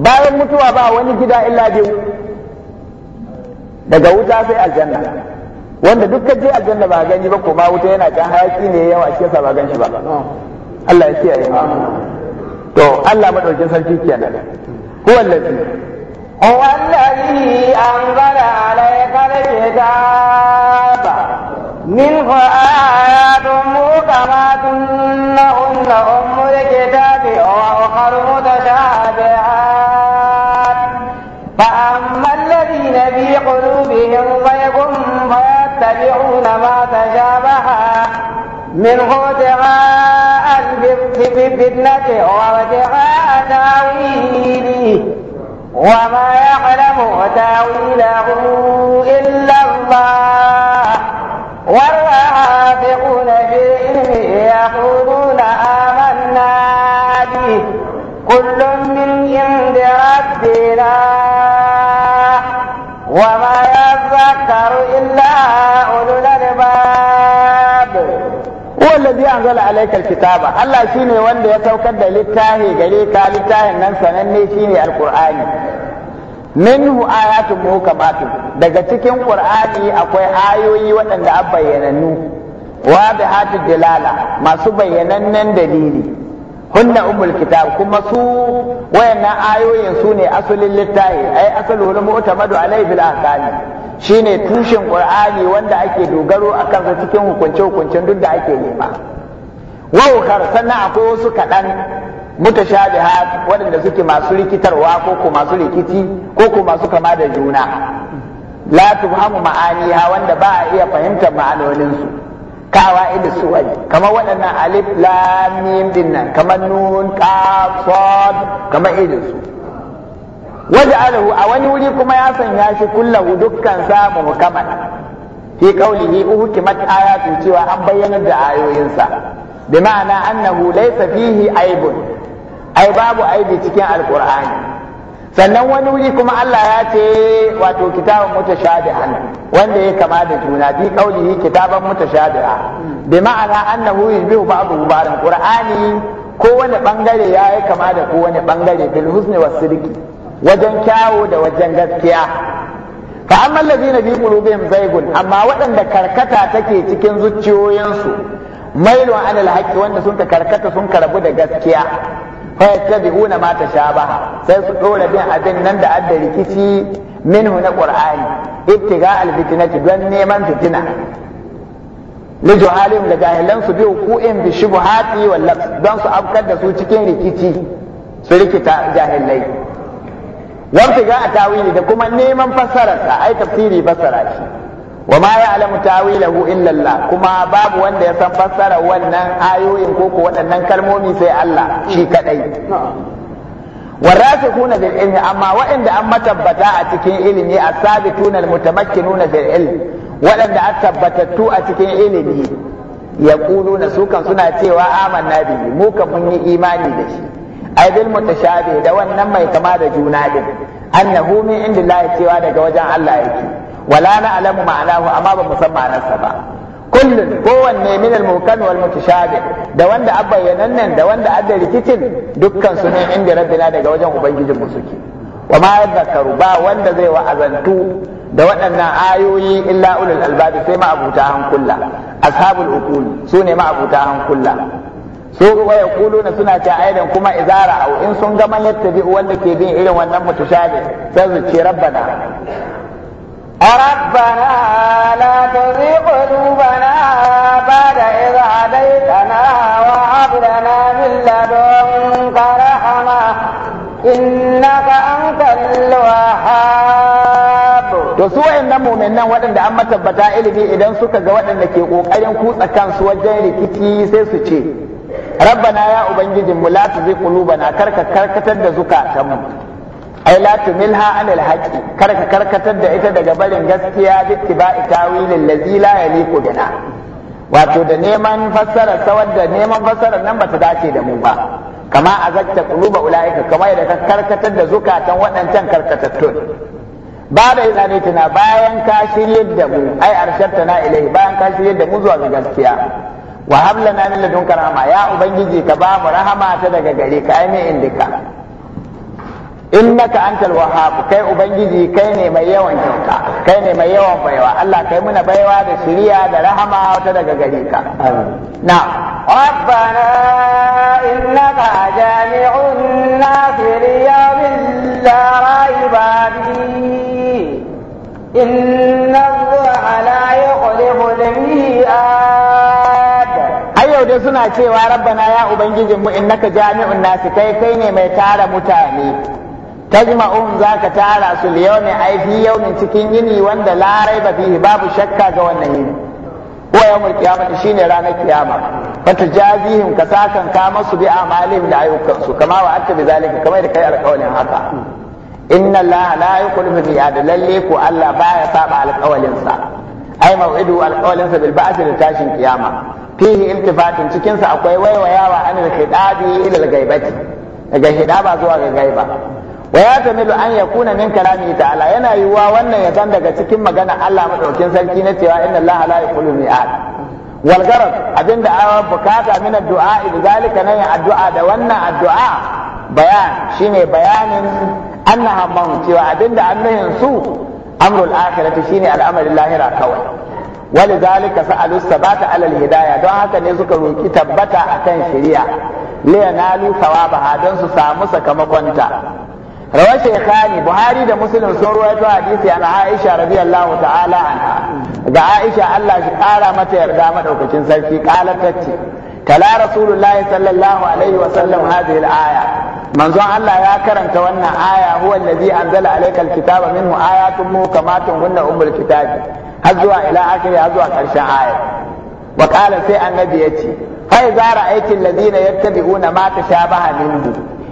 bayan mutuwa ba wani gida illa biyu daga wuta sai aljanna wanda duk ka a aljanna ba gani ba ko ma wuta yana kan hayaki ne yawa shi yasa ba ganshi ba Allah ya kiyaye mu to Allah madaukin sarki kenan huwa allazi huwa allazi anzala alayka alkitaba minhu ayatun mukamatun lahum lahum alkitabi wa akharu mutashabihat فجابها منه ابتغاء الفتنة وابتغاء تاويله وما يعلم تاويله إلا الله والرافقون في يقولون آمنا به كل من عند ربنا وما يذكر إلا أولو kitab wa alladhi anzala alayka alkitaba Allah shine wanda ya saukar da littafi gare ka littahin nan sananne shine alqur'ani minhu ayatu muhkamatu daga cikin ƙur'ani akwai ayoyi wadanda abba yanannu wa bi hadd dilala masu bayyanannen dalili hunna ummul kitab kuma su wayannan ayoyin su ne asalul littahi ay asalul mu'tamadu alayhi bil ahkami shine tushen qur'ani wanda ake dogaro a sa cikin hukunce hukuncen duk da ake nema waukar sannan akwai wasu kaɗan mutashabiha waɗanda suke masu rikitarwa ko ko masu rikici ko ko masu kama da juna la tubhamu ma'aniha wanda ba a iya fahimtar ma'anoninsu kawa su wani kamar waɗannan alif lam mim dinnan kamar nun qaf sad kamar idu su waj'alahu a wani wuri kuma ya sanya shi kullahu dukkan sa muhkaman fi qawlihi uhkimat ayatu cewa an bayyanar da ayoyinsa bi ma'ana annahu laysa fihi aibun ai babu aibi cikin alqur'ani sannan wani wuri kuma Allah ya ce wato kitabun mutashabihan wanda ya kama da juna fi qawlihi kitaban mutashabiha bi ma'ana annahu yushbihu ba'dahu ba'dan qur'ani kowane bangare ya yi kama da kowane bangare bil husni was sidqi wajen kyawo da wajen gaskiya fa amma allazina bi qulubihim zaygun amma waɗanda karkata take cikin zuciyoyinsu mailu anil haqqi wanda sun karkata sun karabu da gaskiya fa yattabi'una ma tashabaha sai su dora bin abin nan da adda rikici minhu na qur'ani ittiga al fitnati don neman fitina li juhalim da jahilan su bi hukuin bi shubuhati wal don su afkar da su cikin rikici su rikita jahilai wanda ga tawili da kuma neman fassararsa ai tafsiri fassara shi wa ma ya'lamu ta'wilahu illa Allah kuma babu wanda ya san fassara wannan ayoyin ko ko waɗannan kalmomi sai Allah shi kadai wa rasikuna bil ilmi amma wa inda an matabbata a cikin ilmi as-sabituna al-mutamakkinuna bil ilmi waɗanda an a cikin ilmi yaquluna su kan suna cewa amanna bihi mu kan mun yi imani da shi ai bil mutashabi da wannan mai kama da juna din annahu min indillahi cewa daga wajen Allah yake wala na alamu ma'anahu amma ba musamman sa ba kullun kowanne min al-mukan wal mutashabi da wanda abbayyanan nan da wanda adda rikicin dukkan su ne inda rabbina daga wajen ubangijin mu suke wa ma yadhakkaru ba wanda zai wa'azantu da waɗannan ayoyi illa ulul albabi sai ma abuta hankula ashabul uqul sune ma abuta hankula su wa na suna ta aidan kuma izara au in sun ga man yattabi wanda ke bin irin wannan mutashabi sai su ce rabbana ربنا لا تزغ قلوبنا بعد إذ هديتنا وهب لنا من لدنك رحمة إنك أنت الوهاب to su wayannan mu'minan waɗanda an matabbata ilimi idan suka ga waɗanda ke ƙoƙarin kutsa kansu wajen rikici sai su ce rabbana ya ubangijin mu la tuzi qulubana karka karkatar da zukatanmu ai la tumilha anil haqi karka karkatar da ita daga barin gaskiya bittiba'i tawilin ladzi la yaliku bina wato da neman fassara sawar da neman fassara nan bata dace da mu ba kama azakta quluba ulaika kama yadda ka karkatar da zukatan waɗancan karkatattun ba da yana tuna bayan ka shirye da mu ai arshatta na ilahi bayan ka shiryar da mu zuwa ga gaskiya wa habla hablana min ladunka rahma ya ubangiji ka ba mu rahama ta daga gare ka ai mai indika innaka antal wahhab kai ubangiji kai ne mai yawan kyauta kai ne mai yawan baiwa Allah kai muna baiwa da shiriya da rahama ta daga gare ka na rabbana innaka jami'un nas li yawmin la rayba fihi inna allaha la yukhlifu al-mi'ad yau dai suna cewa rabbana ya ubangijinmu innaka jami'un nasi kai kai ne mai tara mutane tajma'un zaka tara su liyawmi ai fi yawmin cikin yini wanda la raiba fihi babu shakka ga wannan yini ko yawmul qiyamati shine ranar kiyama fata jazihim ka sakan ka masu bi amalihim da ayyukan su kama wa atta bi zalika kamar da kai alƙawalin haka inna allaha la yukhlifu al-mi'ad lalle ko allah baya saba alƙawalin sa ai mau'idu alƙawalin sa bil ba'th da tashin kiyama fihi iltifatun cikin sa akwai waiwayawa anil khidabi ila al-ghaibati daga hidaba zuwa ga gaiba wa ya tamilu an yakuna min kalami ta'ala yana yiwuwa wannan ya san daga cikin magana Allah madaukin sarki na cewa inna Allah la yaqulu mi'ad wal gharad abinda a bukata min addu'a idzalika nan addu'a da wannan addu'a bayan shine bayanin annaha man cewa abinda annahin su amrul akhirati shine al'amarin lahira kawai wani zalika sa'alu sabata alal hidaya don haka ne suka roki tabbata akan shari'a liya nalu sawabaha don su samu sakamakonta rawar shaykhani buhari da muslim sun ruwaito hadisi an aisha radiyallahu ga aisha Allah shi ƙara mata yarda madaukakin sarki qalat tatti tala rasulullahi sallallahu alaihi wa sallam hadhihi al manzon Allah ya karanta wannan aya huwa allazi anzala alaykal kitaba minhu ayatun muhkamatun hunna umar kitabi har zuwa ila akhiri har zuwa karshen aya wa qala sai annabi yace fa idza ra'aiti alladhina yattabi'una ma tashabaha minhu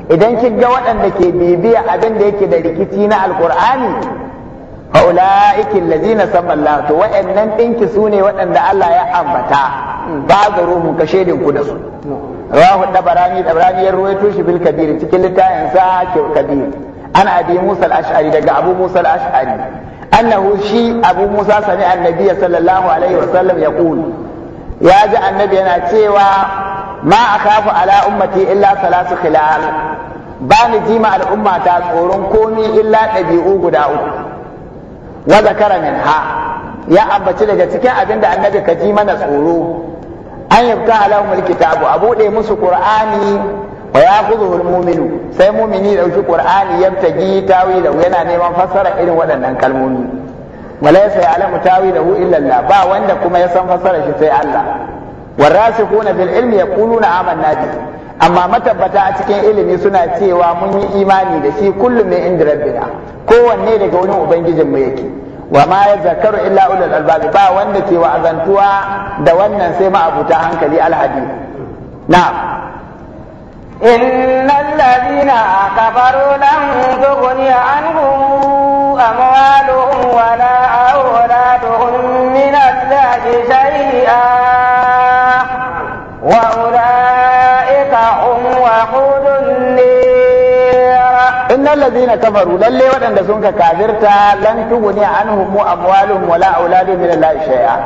idan kin ga waɗanda ke bibiya abin da yake da rikici na alqur'ani fa ulaika alladhina sabballahu to wa'annan dinki sune waɗanda Allah ya ambata ba ruhu ka shedin ku da su rawahu dabarani dabarani ya ruwaito shi bil kabir cikin littafin sa kabir ana abi musa al-ash'ari daga abu musa al-ash'ari annahu shi abu musa sami annabi sallallahu alaihi wasallam ya kulu ya ji annabi yana cewa ma akhafu ala ummati illa salasu khilal Bani ni ji tsoron komi illa ɗabi'u guda uku wa ha ya ambaci daga cikin abinda da annabi ka ji mana tsoro an yabta alahumul kitabu a buɗe musu Kur'ani. wa ya'khudhu al-mu'minu sai mu'mini da shi qur'ani da wu, yana neman fassara irin waɗannan kalmomi wala ya'lamu da illa Allah ba wanda kuma ya san fassara shi sai Allah warasikuna bil ilmi yaquluna amanna bihi amma matabbata a cikin ilimi suna cewa mun yi imani da shi kullum min inda rabbina kowanne daga wurin ubangijin mu yake wa ma yazakaru illa ulul albab ba wanda ke azantuwa da wannan sai ma abuta hankali alhadi na'am إن الذين كفروا لم تغني عنهم أموالهم ولا أولادهم من الله شيئا وأولئك هم وقود النير إن الذين كفروا للي ودن سنك كافرتا لن تغني عنهم أموالهم ولا أولادهم من الله شيئا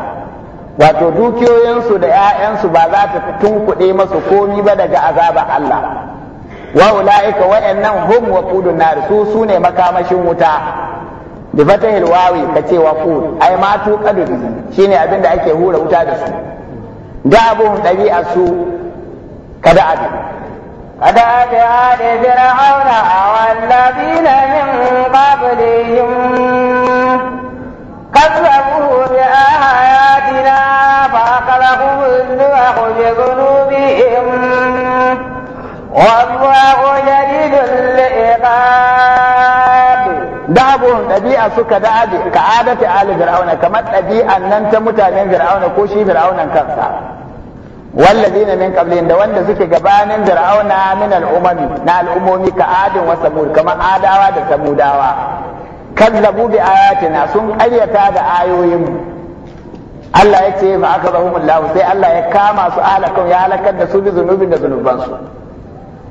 wato dukiyoyinsu da 'ya'yansu ba za ta fi kuɗe masu komi ba daga azabar Allah wa ula'ika wa'annan hum wa qudun nar su sune makamashin wuta bi fatahil wawi ce wa qud ai ma tu shi shine abin da ake hura wuta da su da abun dabi'a su kada abi kada abi ali fir'auna wal ladina min qablihim kazzabu فأخذهم ɗabi'a suka da'abi ka adati ali fir'auna kamar ɗabi'a nan ta mutanen fir'auna ko shi fir'aunan kansa والذين من قبلهم da wanda suke gabanin fir'auna min al'umami na al'umomi ka adin wa samud kamar adawa da samudawa kazzabu bi ayatina sun ƙaryata da ayoyinmu. Allah ya ce ba aka zahum Allah sai Allah ya kama su alakum ya halakar da su bi zunubin da zunuban su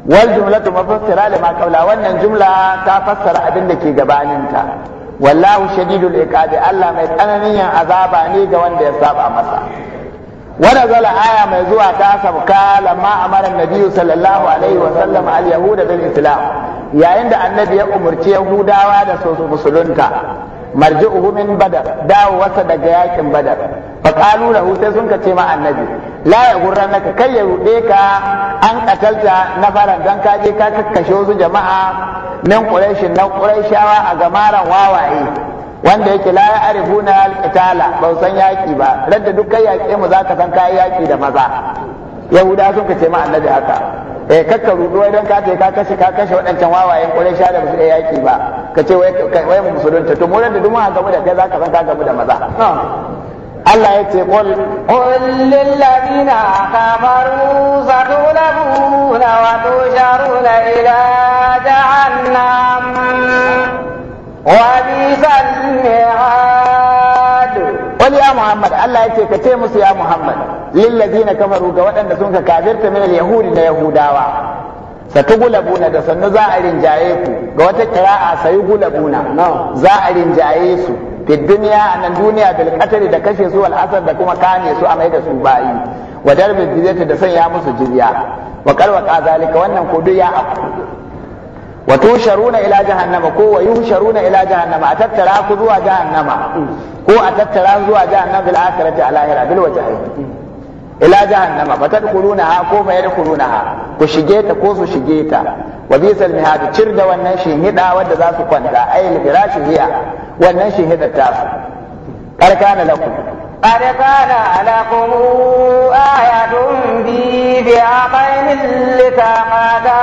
wal jumlatu mafassira lima qabla wannan jumla ta fassara abin da ke gabaninta wallahu shadidul iqabi Allah mai tsananin yin azaba ne ga wanda ya saba masa wanda zala aya mai zuwa ta sabka lamma amara nabiyyu sallallahu alaihi wa sallam al yahuda bil islam yayin da annabi ya umurci yahudawa da su musulunta marji'uhu min badar wasa daga yakin badar fa qalu lahu sai sun kace ma annabi la ya gurranaka kai ya rude ka an katalta na faran dan ka je ka kakkashe wasu jama'a min quraish na quraishawa a gamaran wawaye wanda yake la ya'rifuna al-qitala ba san yaki ba radda duk kai yaki mu zaka san kai yaki da maza yahuda sun kace ma annabi haka eh kakka rudo idan ka ce ka kashe ka kashe waɗancan wawayen quraishawa da ba su yaki ba ka ce wai mu musulunta to mu da duk mun gamu da kai zaka san ka gamu da maza Allah ya ce qul qul lil ladina kafaru satulabuna wa tusharuna ila jahannam wa bisal mi'ad qul ya muhammad Allah ya ce ka ce musu ya muhammad lil ladina kafaru ga waɗanda sun ka kafirta min al yahudi da yahudawa buna da sannu za a rinjaye ku ga wata kira'a sayi gulabuna za a rinjaye su fi duniya a nan duniya bil qatl da kashe su wal asar da kuma kame su a mai da su bayi wa darbi jizyata da sanya musu jiziya wa qarwa zalika wannan ko duk ya aku wa tusharuna ila jahannama ko wa yusharuna ila jahannama a tattara ku zuwa jahannama ko a tattara zuwa jahannama bil akhirati al lahira bil wajhi ila jahannama fa tadkhulunaha ko fa yadkhulunaha ku shige ta ko su shige ta wa bisal mihad cir da wannan shi shinhida wanda za su kwanta ayil firashi hiya wannan shi shinhida ta su karkana lakum قد كان لكم آية في فئتين التقتا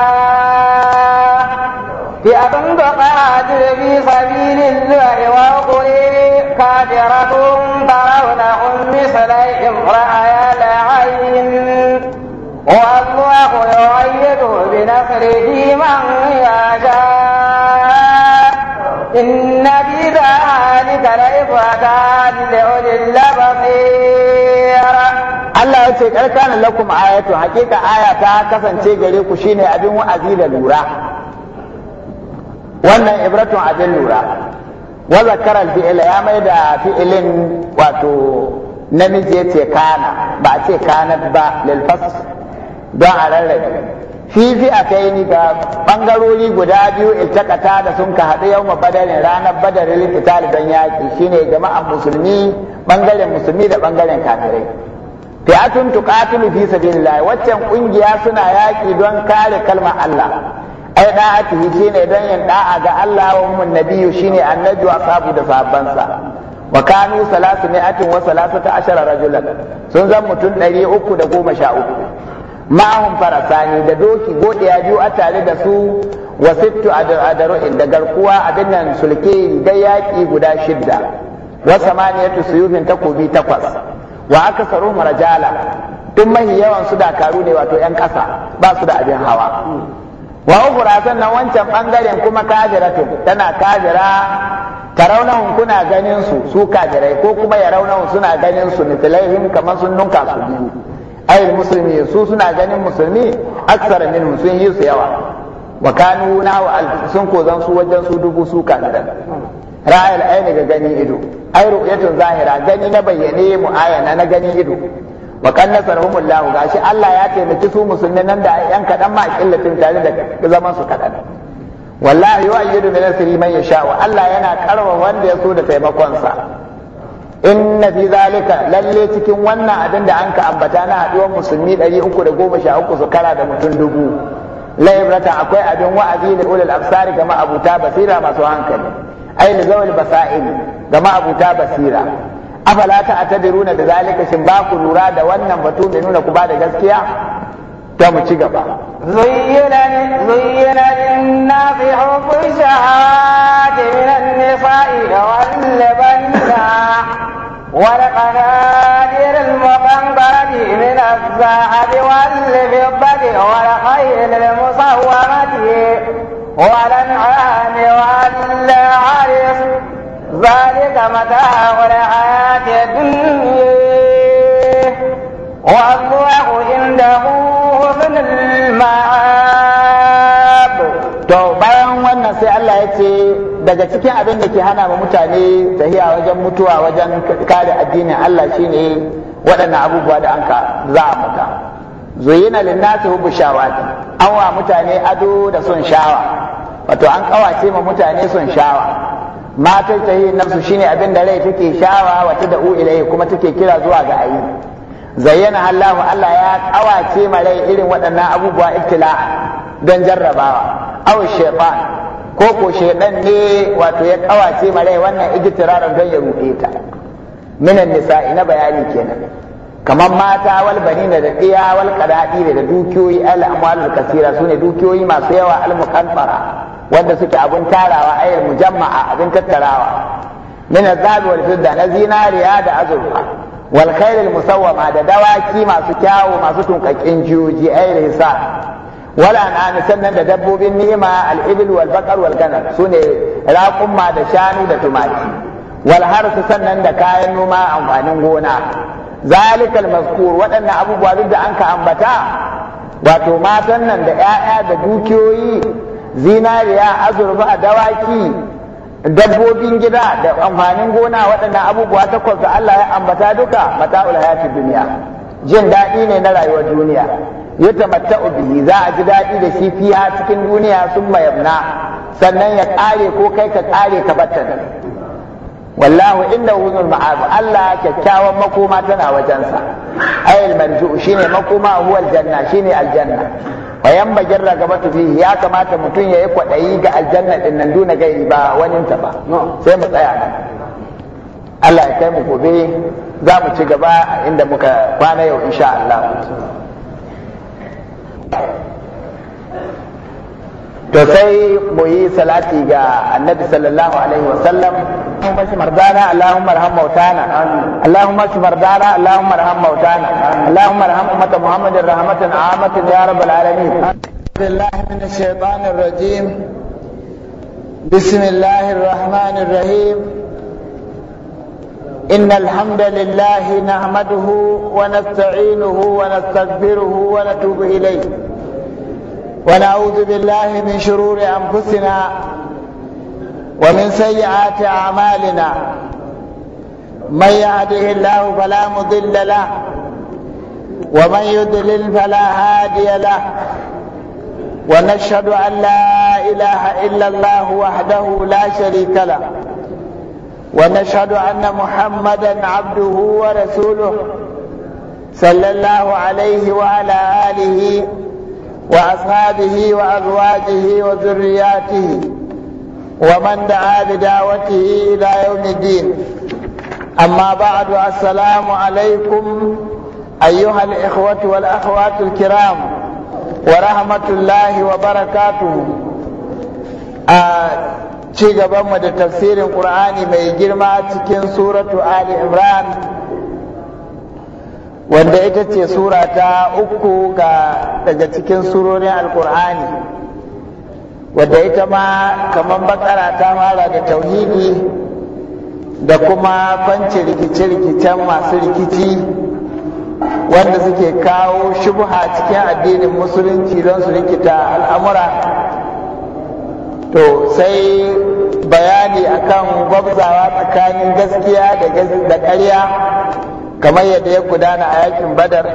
فئة تقاتل في سبيل الله وأخرى كافرة يرونهم مثليهم رأي العين والله يؤيد بنصره من يشاء إن في ذلك لعبرة لأولي الأبصير Allah ya ce karkana lakum ayatu hakika aya ta kasance gare ku shine abin wa'azi da lura wannan ibratun abin lura wa zakara fi'ila ya mai da fi'ilin wato namiji ya ce kana ba a ce kanat ba lil don a rarrabe fi fi a kai ni ga bangarori guda biyu iltakata da sun ka haɗu yau badarin ranar badarin da don yaƙi shine jama'a musulmi bangaren musulmi da bangaren kafirai fi'atun tuqatilu fi sabilillah waccan ƙungiya suna yaƙi don kare kalmar Allah ai da'atuhu shine don yin da'a ga Allah wa mun nabiyyu shine annabi wa sabu da sahabbansa wa kanu salasu mi'atin wa ashara rajulan sun zan mutum ɗari uku da goma sha uku ma'ahun farasani da doki godiya biyu a tare da su wa sittu adaru'in da garkuwa a dinnan sulke da yaƙi guda shidda wa samaniyatu suyufin takobi takwas wa aka saru marajala duk mahi yawan su dakaru ne wato 'yan ƙasa ba su da abin hawa wa ukhra sannan wancan bangaren kuma kafiratun tana kafira taraunahum kuna ganin su su kafirai ko kuma ya yaraunahum suna ganin su mithlaihim kamar sun dunka su biyu ai musulmi su suna ganin musulmi aksara min sun yi su yawa wa kanu na wa sun ko zan su wajen su dubu su kafiran ra'ayil ne ga gani ido ai ru'yatun zahira gani na bayyane mu'ayana na gani ido wa kan Allah gashi Allah ya taimaki su musulmai nan da yan kadan ma killatin tare da zaman su kadan wallahi yu'ayyidu min nasri man yasha wa Allah yana karwa wanda ya so da taimakon sa inna fi zalika lalle cikin wannan abin da an ka ambata na haduwar musulmi 313 su kara da mutum dubu la ibrata akwai abin wa'azi da ulul absari ga abuta basira masu hankali ai zawal basa'il ga ma'abuta basira afala ta atadiruna da zalika shin ba ku lura da wannan batu da nuna ku ba da gaskiya ta mu ci gaba zuyyina zuyyina inna fi hubbi shahati min an-nisa'i wal labanna wal qanadir al muqandarati min az-zahabi wal fiddati wal khayl al musawwamati wal an'ami wal 'aris ذلك متاع الحياة الدنيا والله عنده من المعاب to bayan wannan sai Allah ya ce daga cikin abin da ke hana wa mutane tafiya wajen mutuwa wajen kare addinin Allah shine waɗannan abubuwa da anka za a muta zuyina linnasi hubu shawati an wa mutane ado da son shawa wato an kawace ma mutane son shawa ta yi nafsu shine abin da rai take shawa wa u ilayhi kuma take kira zuwa ga ayi zayyana Allahu Allah ya kawace ma rai irin waɗannan abubuwa ibtila'a don jarrabawa aw shaytan ko ko shaytan ne wato ya kawace ma rai wannan igtiraran don ya rufe ta minan nisa'i na bayani kenan kamar mata wal banina da tsiya wal da dukiyoyi al amwalul kasira sune dukiyoyi masu yawa al muqaddara wanda suke abun tarawa ay mujamma'a abun tattarawa min azab wal fidda na zinariya da azurfa wal al musawwama da dawaki masu kyawu masu tunkakin jiyoji ay risa wala an'am sannan da dabbobin ni'ima al ibil wal baqar wal sune raqumma da shanu da tumaki wal harsu sannan da kayan noma amfanin gona zalikal mazkur waɗannan abubuwa duk da an ka ambata wato matan nan da 'ya'ya da dukiyoyi zinariya azurfa dawaki dabbobin gida da amfanin gona waɗannan abubuwa takwas da Allah ya ambata duka mata'ul hayati duniya jin daɗi ne na rayuwar duniya ya tamatta'u bihi za a ji daɗi da shi fiya cikin duniya sun mayamna sannan ya ƙare ko kai ka ƙare ka batta wallahu inda huzul ma'ab Allah kyakkyawan makoma tana wajensa ayil al shine makoma huwa aljanna shine aljanna wa gaba ragabatu fihi ya kamata mutum yi kwadayi ga aljanna din nan duna gairi ba wani ta ba sai mu tsaya nan Allah ya kai mu gobe za mu ci gaba inda muka kwana yau insha Allah to sai mu yi salati ga annabi sallallahu alaihi wa sallam Allahumma shi mardana Allahumma arham mautana Allahumma shi mardana Allahumma arham mautana Allahumma arham ummata Muhammadin rahmatan amatan ya rabbal alamin billahi minash shaitanir rajim bismillahir rahmanir rahim إن الحمد لله نحمده ونستعينه ونستغفره ونتوب إليه ونعوذ بالله من شرور أنفسنا ومن سيئات أعمالنا من يهده الله فلا مضل له ومن يضلل فلا هادي له ونشهد أن لا إله إلا الله وحده لا شريك له ونشهد أن محمدا عبده ورسوله صلى الله عليه وعلى آله وسلم وأصحابه وأزواجه وذرياته ومن دعا بدعوته إلى يوم الدين أما بعد السلام عليكم أيها الإخوة والأخوات الكرام ورحمة الله وبركاته ci gabanmu da tafsirin ƙur'ani mai girma cikin suratu Ali Imran wanda ita ce sura ta uku ga daga cikin surorin alkur'ani wadda ita ma kamar bakara ta mara da tauhidi da kuma kwanci rikice-rikicen masu rikici wanda suke kawo shubha cikin addinin musulunci don su rikita al'amura to sai bayani akan gwabzawa tsakanin gaskiya da ƙarya kamar yadda ya gudana a yakin badar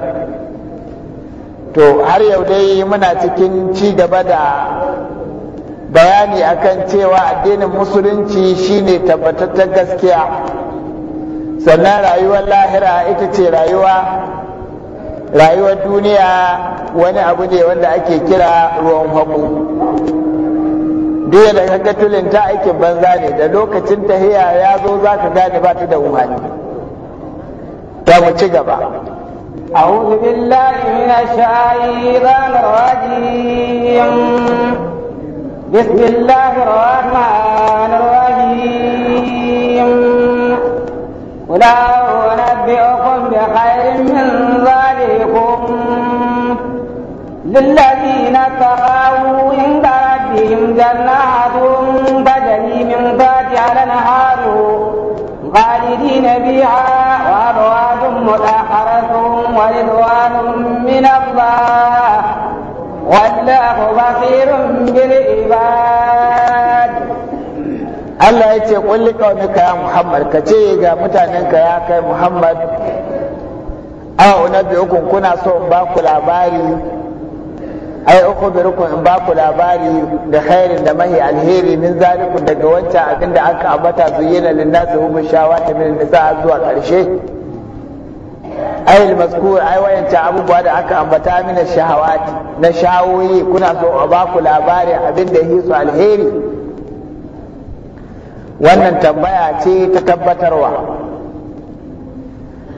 to har yau dai muna cikin ci gaba da bayani akan cewa addinin musulunci shine tabbatattar gaskiya sannan rayuwar lahira ita ce rayuwa rayuwar duniya wani abu ne wanda ake kira ruwan haƙo duk da kaga ta aikin banza ne da lokacin tahiya ya zo za ka gane ba ta da wuhani أعوذ بالله من الشيطان الرجيم بسم الله الرحمن الرحيم قل أنبئكم بخير من ذلكم للذين تقوا عند ربهم جنات تجري من تحتها الأنهار خالدين فيها وأبواب مطهرة ورضوان من الله والله بصير بالعباد Allah ya ce kulli kaunika ya Muhammad ka ce ga mutanenka ya kai Muhammad a unabbi biyu kuna so in ba ku labari ai uku rukun in ba ku labari da khairin da mahi alheri min zaliku daga wancan abin da aka ambata zuyyana lin nasu hubu shawati min nisa zuwa karshe ai al-mazkur ai wayanta abubuwa da aka ambata min shahawati na shawoyi kuna so a ba ku labarin abin da yake su alheri wannan tambaya ce ta tabbatarwa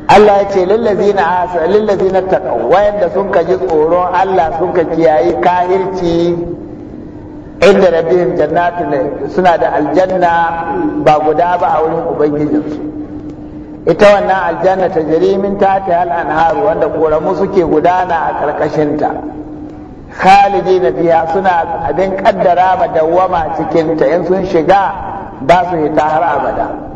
Allah ya ce lillazina asa lillazina taqaw wayanda sun ka ji tsoron Allah sun ka kiyaye kahirci inda rabbihim jannatin suna da aljanna ba guda ba a wurin ubangijinsu ita wannan aljanna ta jarimin ta ta wanda koramu suke gudana a karkashinta na biya suna abin kaddara ba dawwama cikinta, in sun shiga ba su hita har abada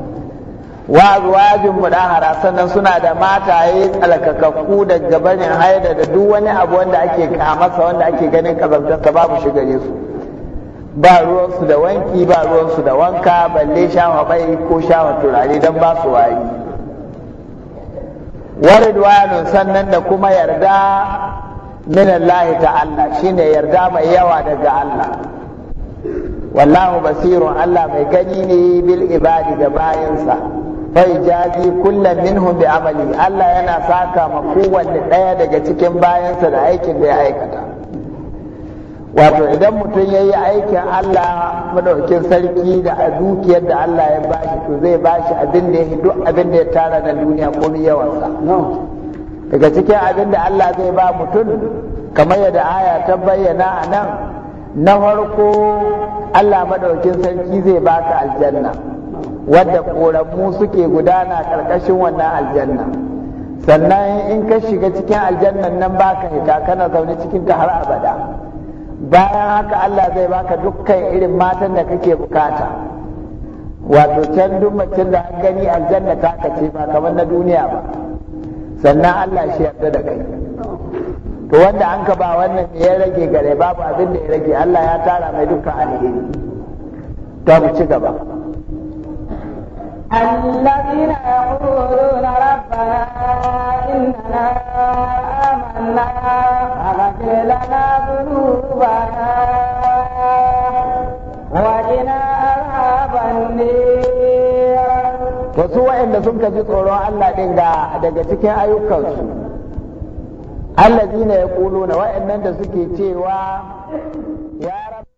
wa zuwajin hara sannan suna da mataye tsalkakakku da gabanin haida da duk wani abu wanda ake kamasa wanda ake ganin kazantarsa babu shigare su ba ruwansu da wanki ba ruwansu da wanka balle shawa bai ko shawa turare don ba su wayi waridwanun sannan da kuma yarda ta Allah ta'ala shine yarda mai yawa daga Allah wallahu basirun Allah mai gani ne bil ibadi da bayansa fai jazi kullum minhum bi amali Allah yana saka ma kowanne ɗaya daga cikin bayansa da aikin da ya aikata wato idan mutum ya yi aikin Allah madaukin sarki da a dukiyar da Allah ya bashi to zai bashi abin da ya duk abin da ya tara na duniya yawansa daga cikin abin da Allah zai ba mutum kamar yadda aya ta bayyana a nan na farko Allah madaukin sarki zai baka aljanna wadda ƙoramu suke gudana ƙarƙashin wannan aljanna sannan in ka shiga cikin aljannan nan ba baka hita kana zaune cikin ta har abada bayan haka Allah zai baka dukkan irin matan da kake bukata wato can duk macen da an gani aljanna ta kace ba kamar na duniya ba sannan Allah shi yarda da kai to wanda an ka ba wannan ne ya rage gare babu abin da ya rage Allah ya tara mai dukkan alheri ta mu ci gaba الذين يقولون ربنا إننا آمنا فاغفر لنا ذنوبنا وقنا عذاب النير wasu waɗanda sun ji tsoron Allah ɗin da daga cikin ayyukansu allazina ya ƙuluna waɗannan da suke cewa ya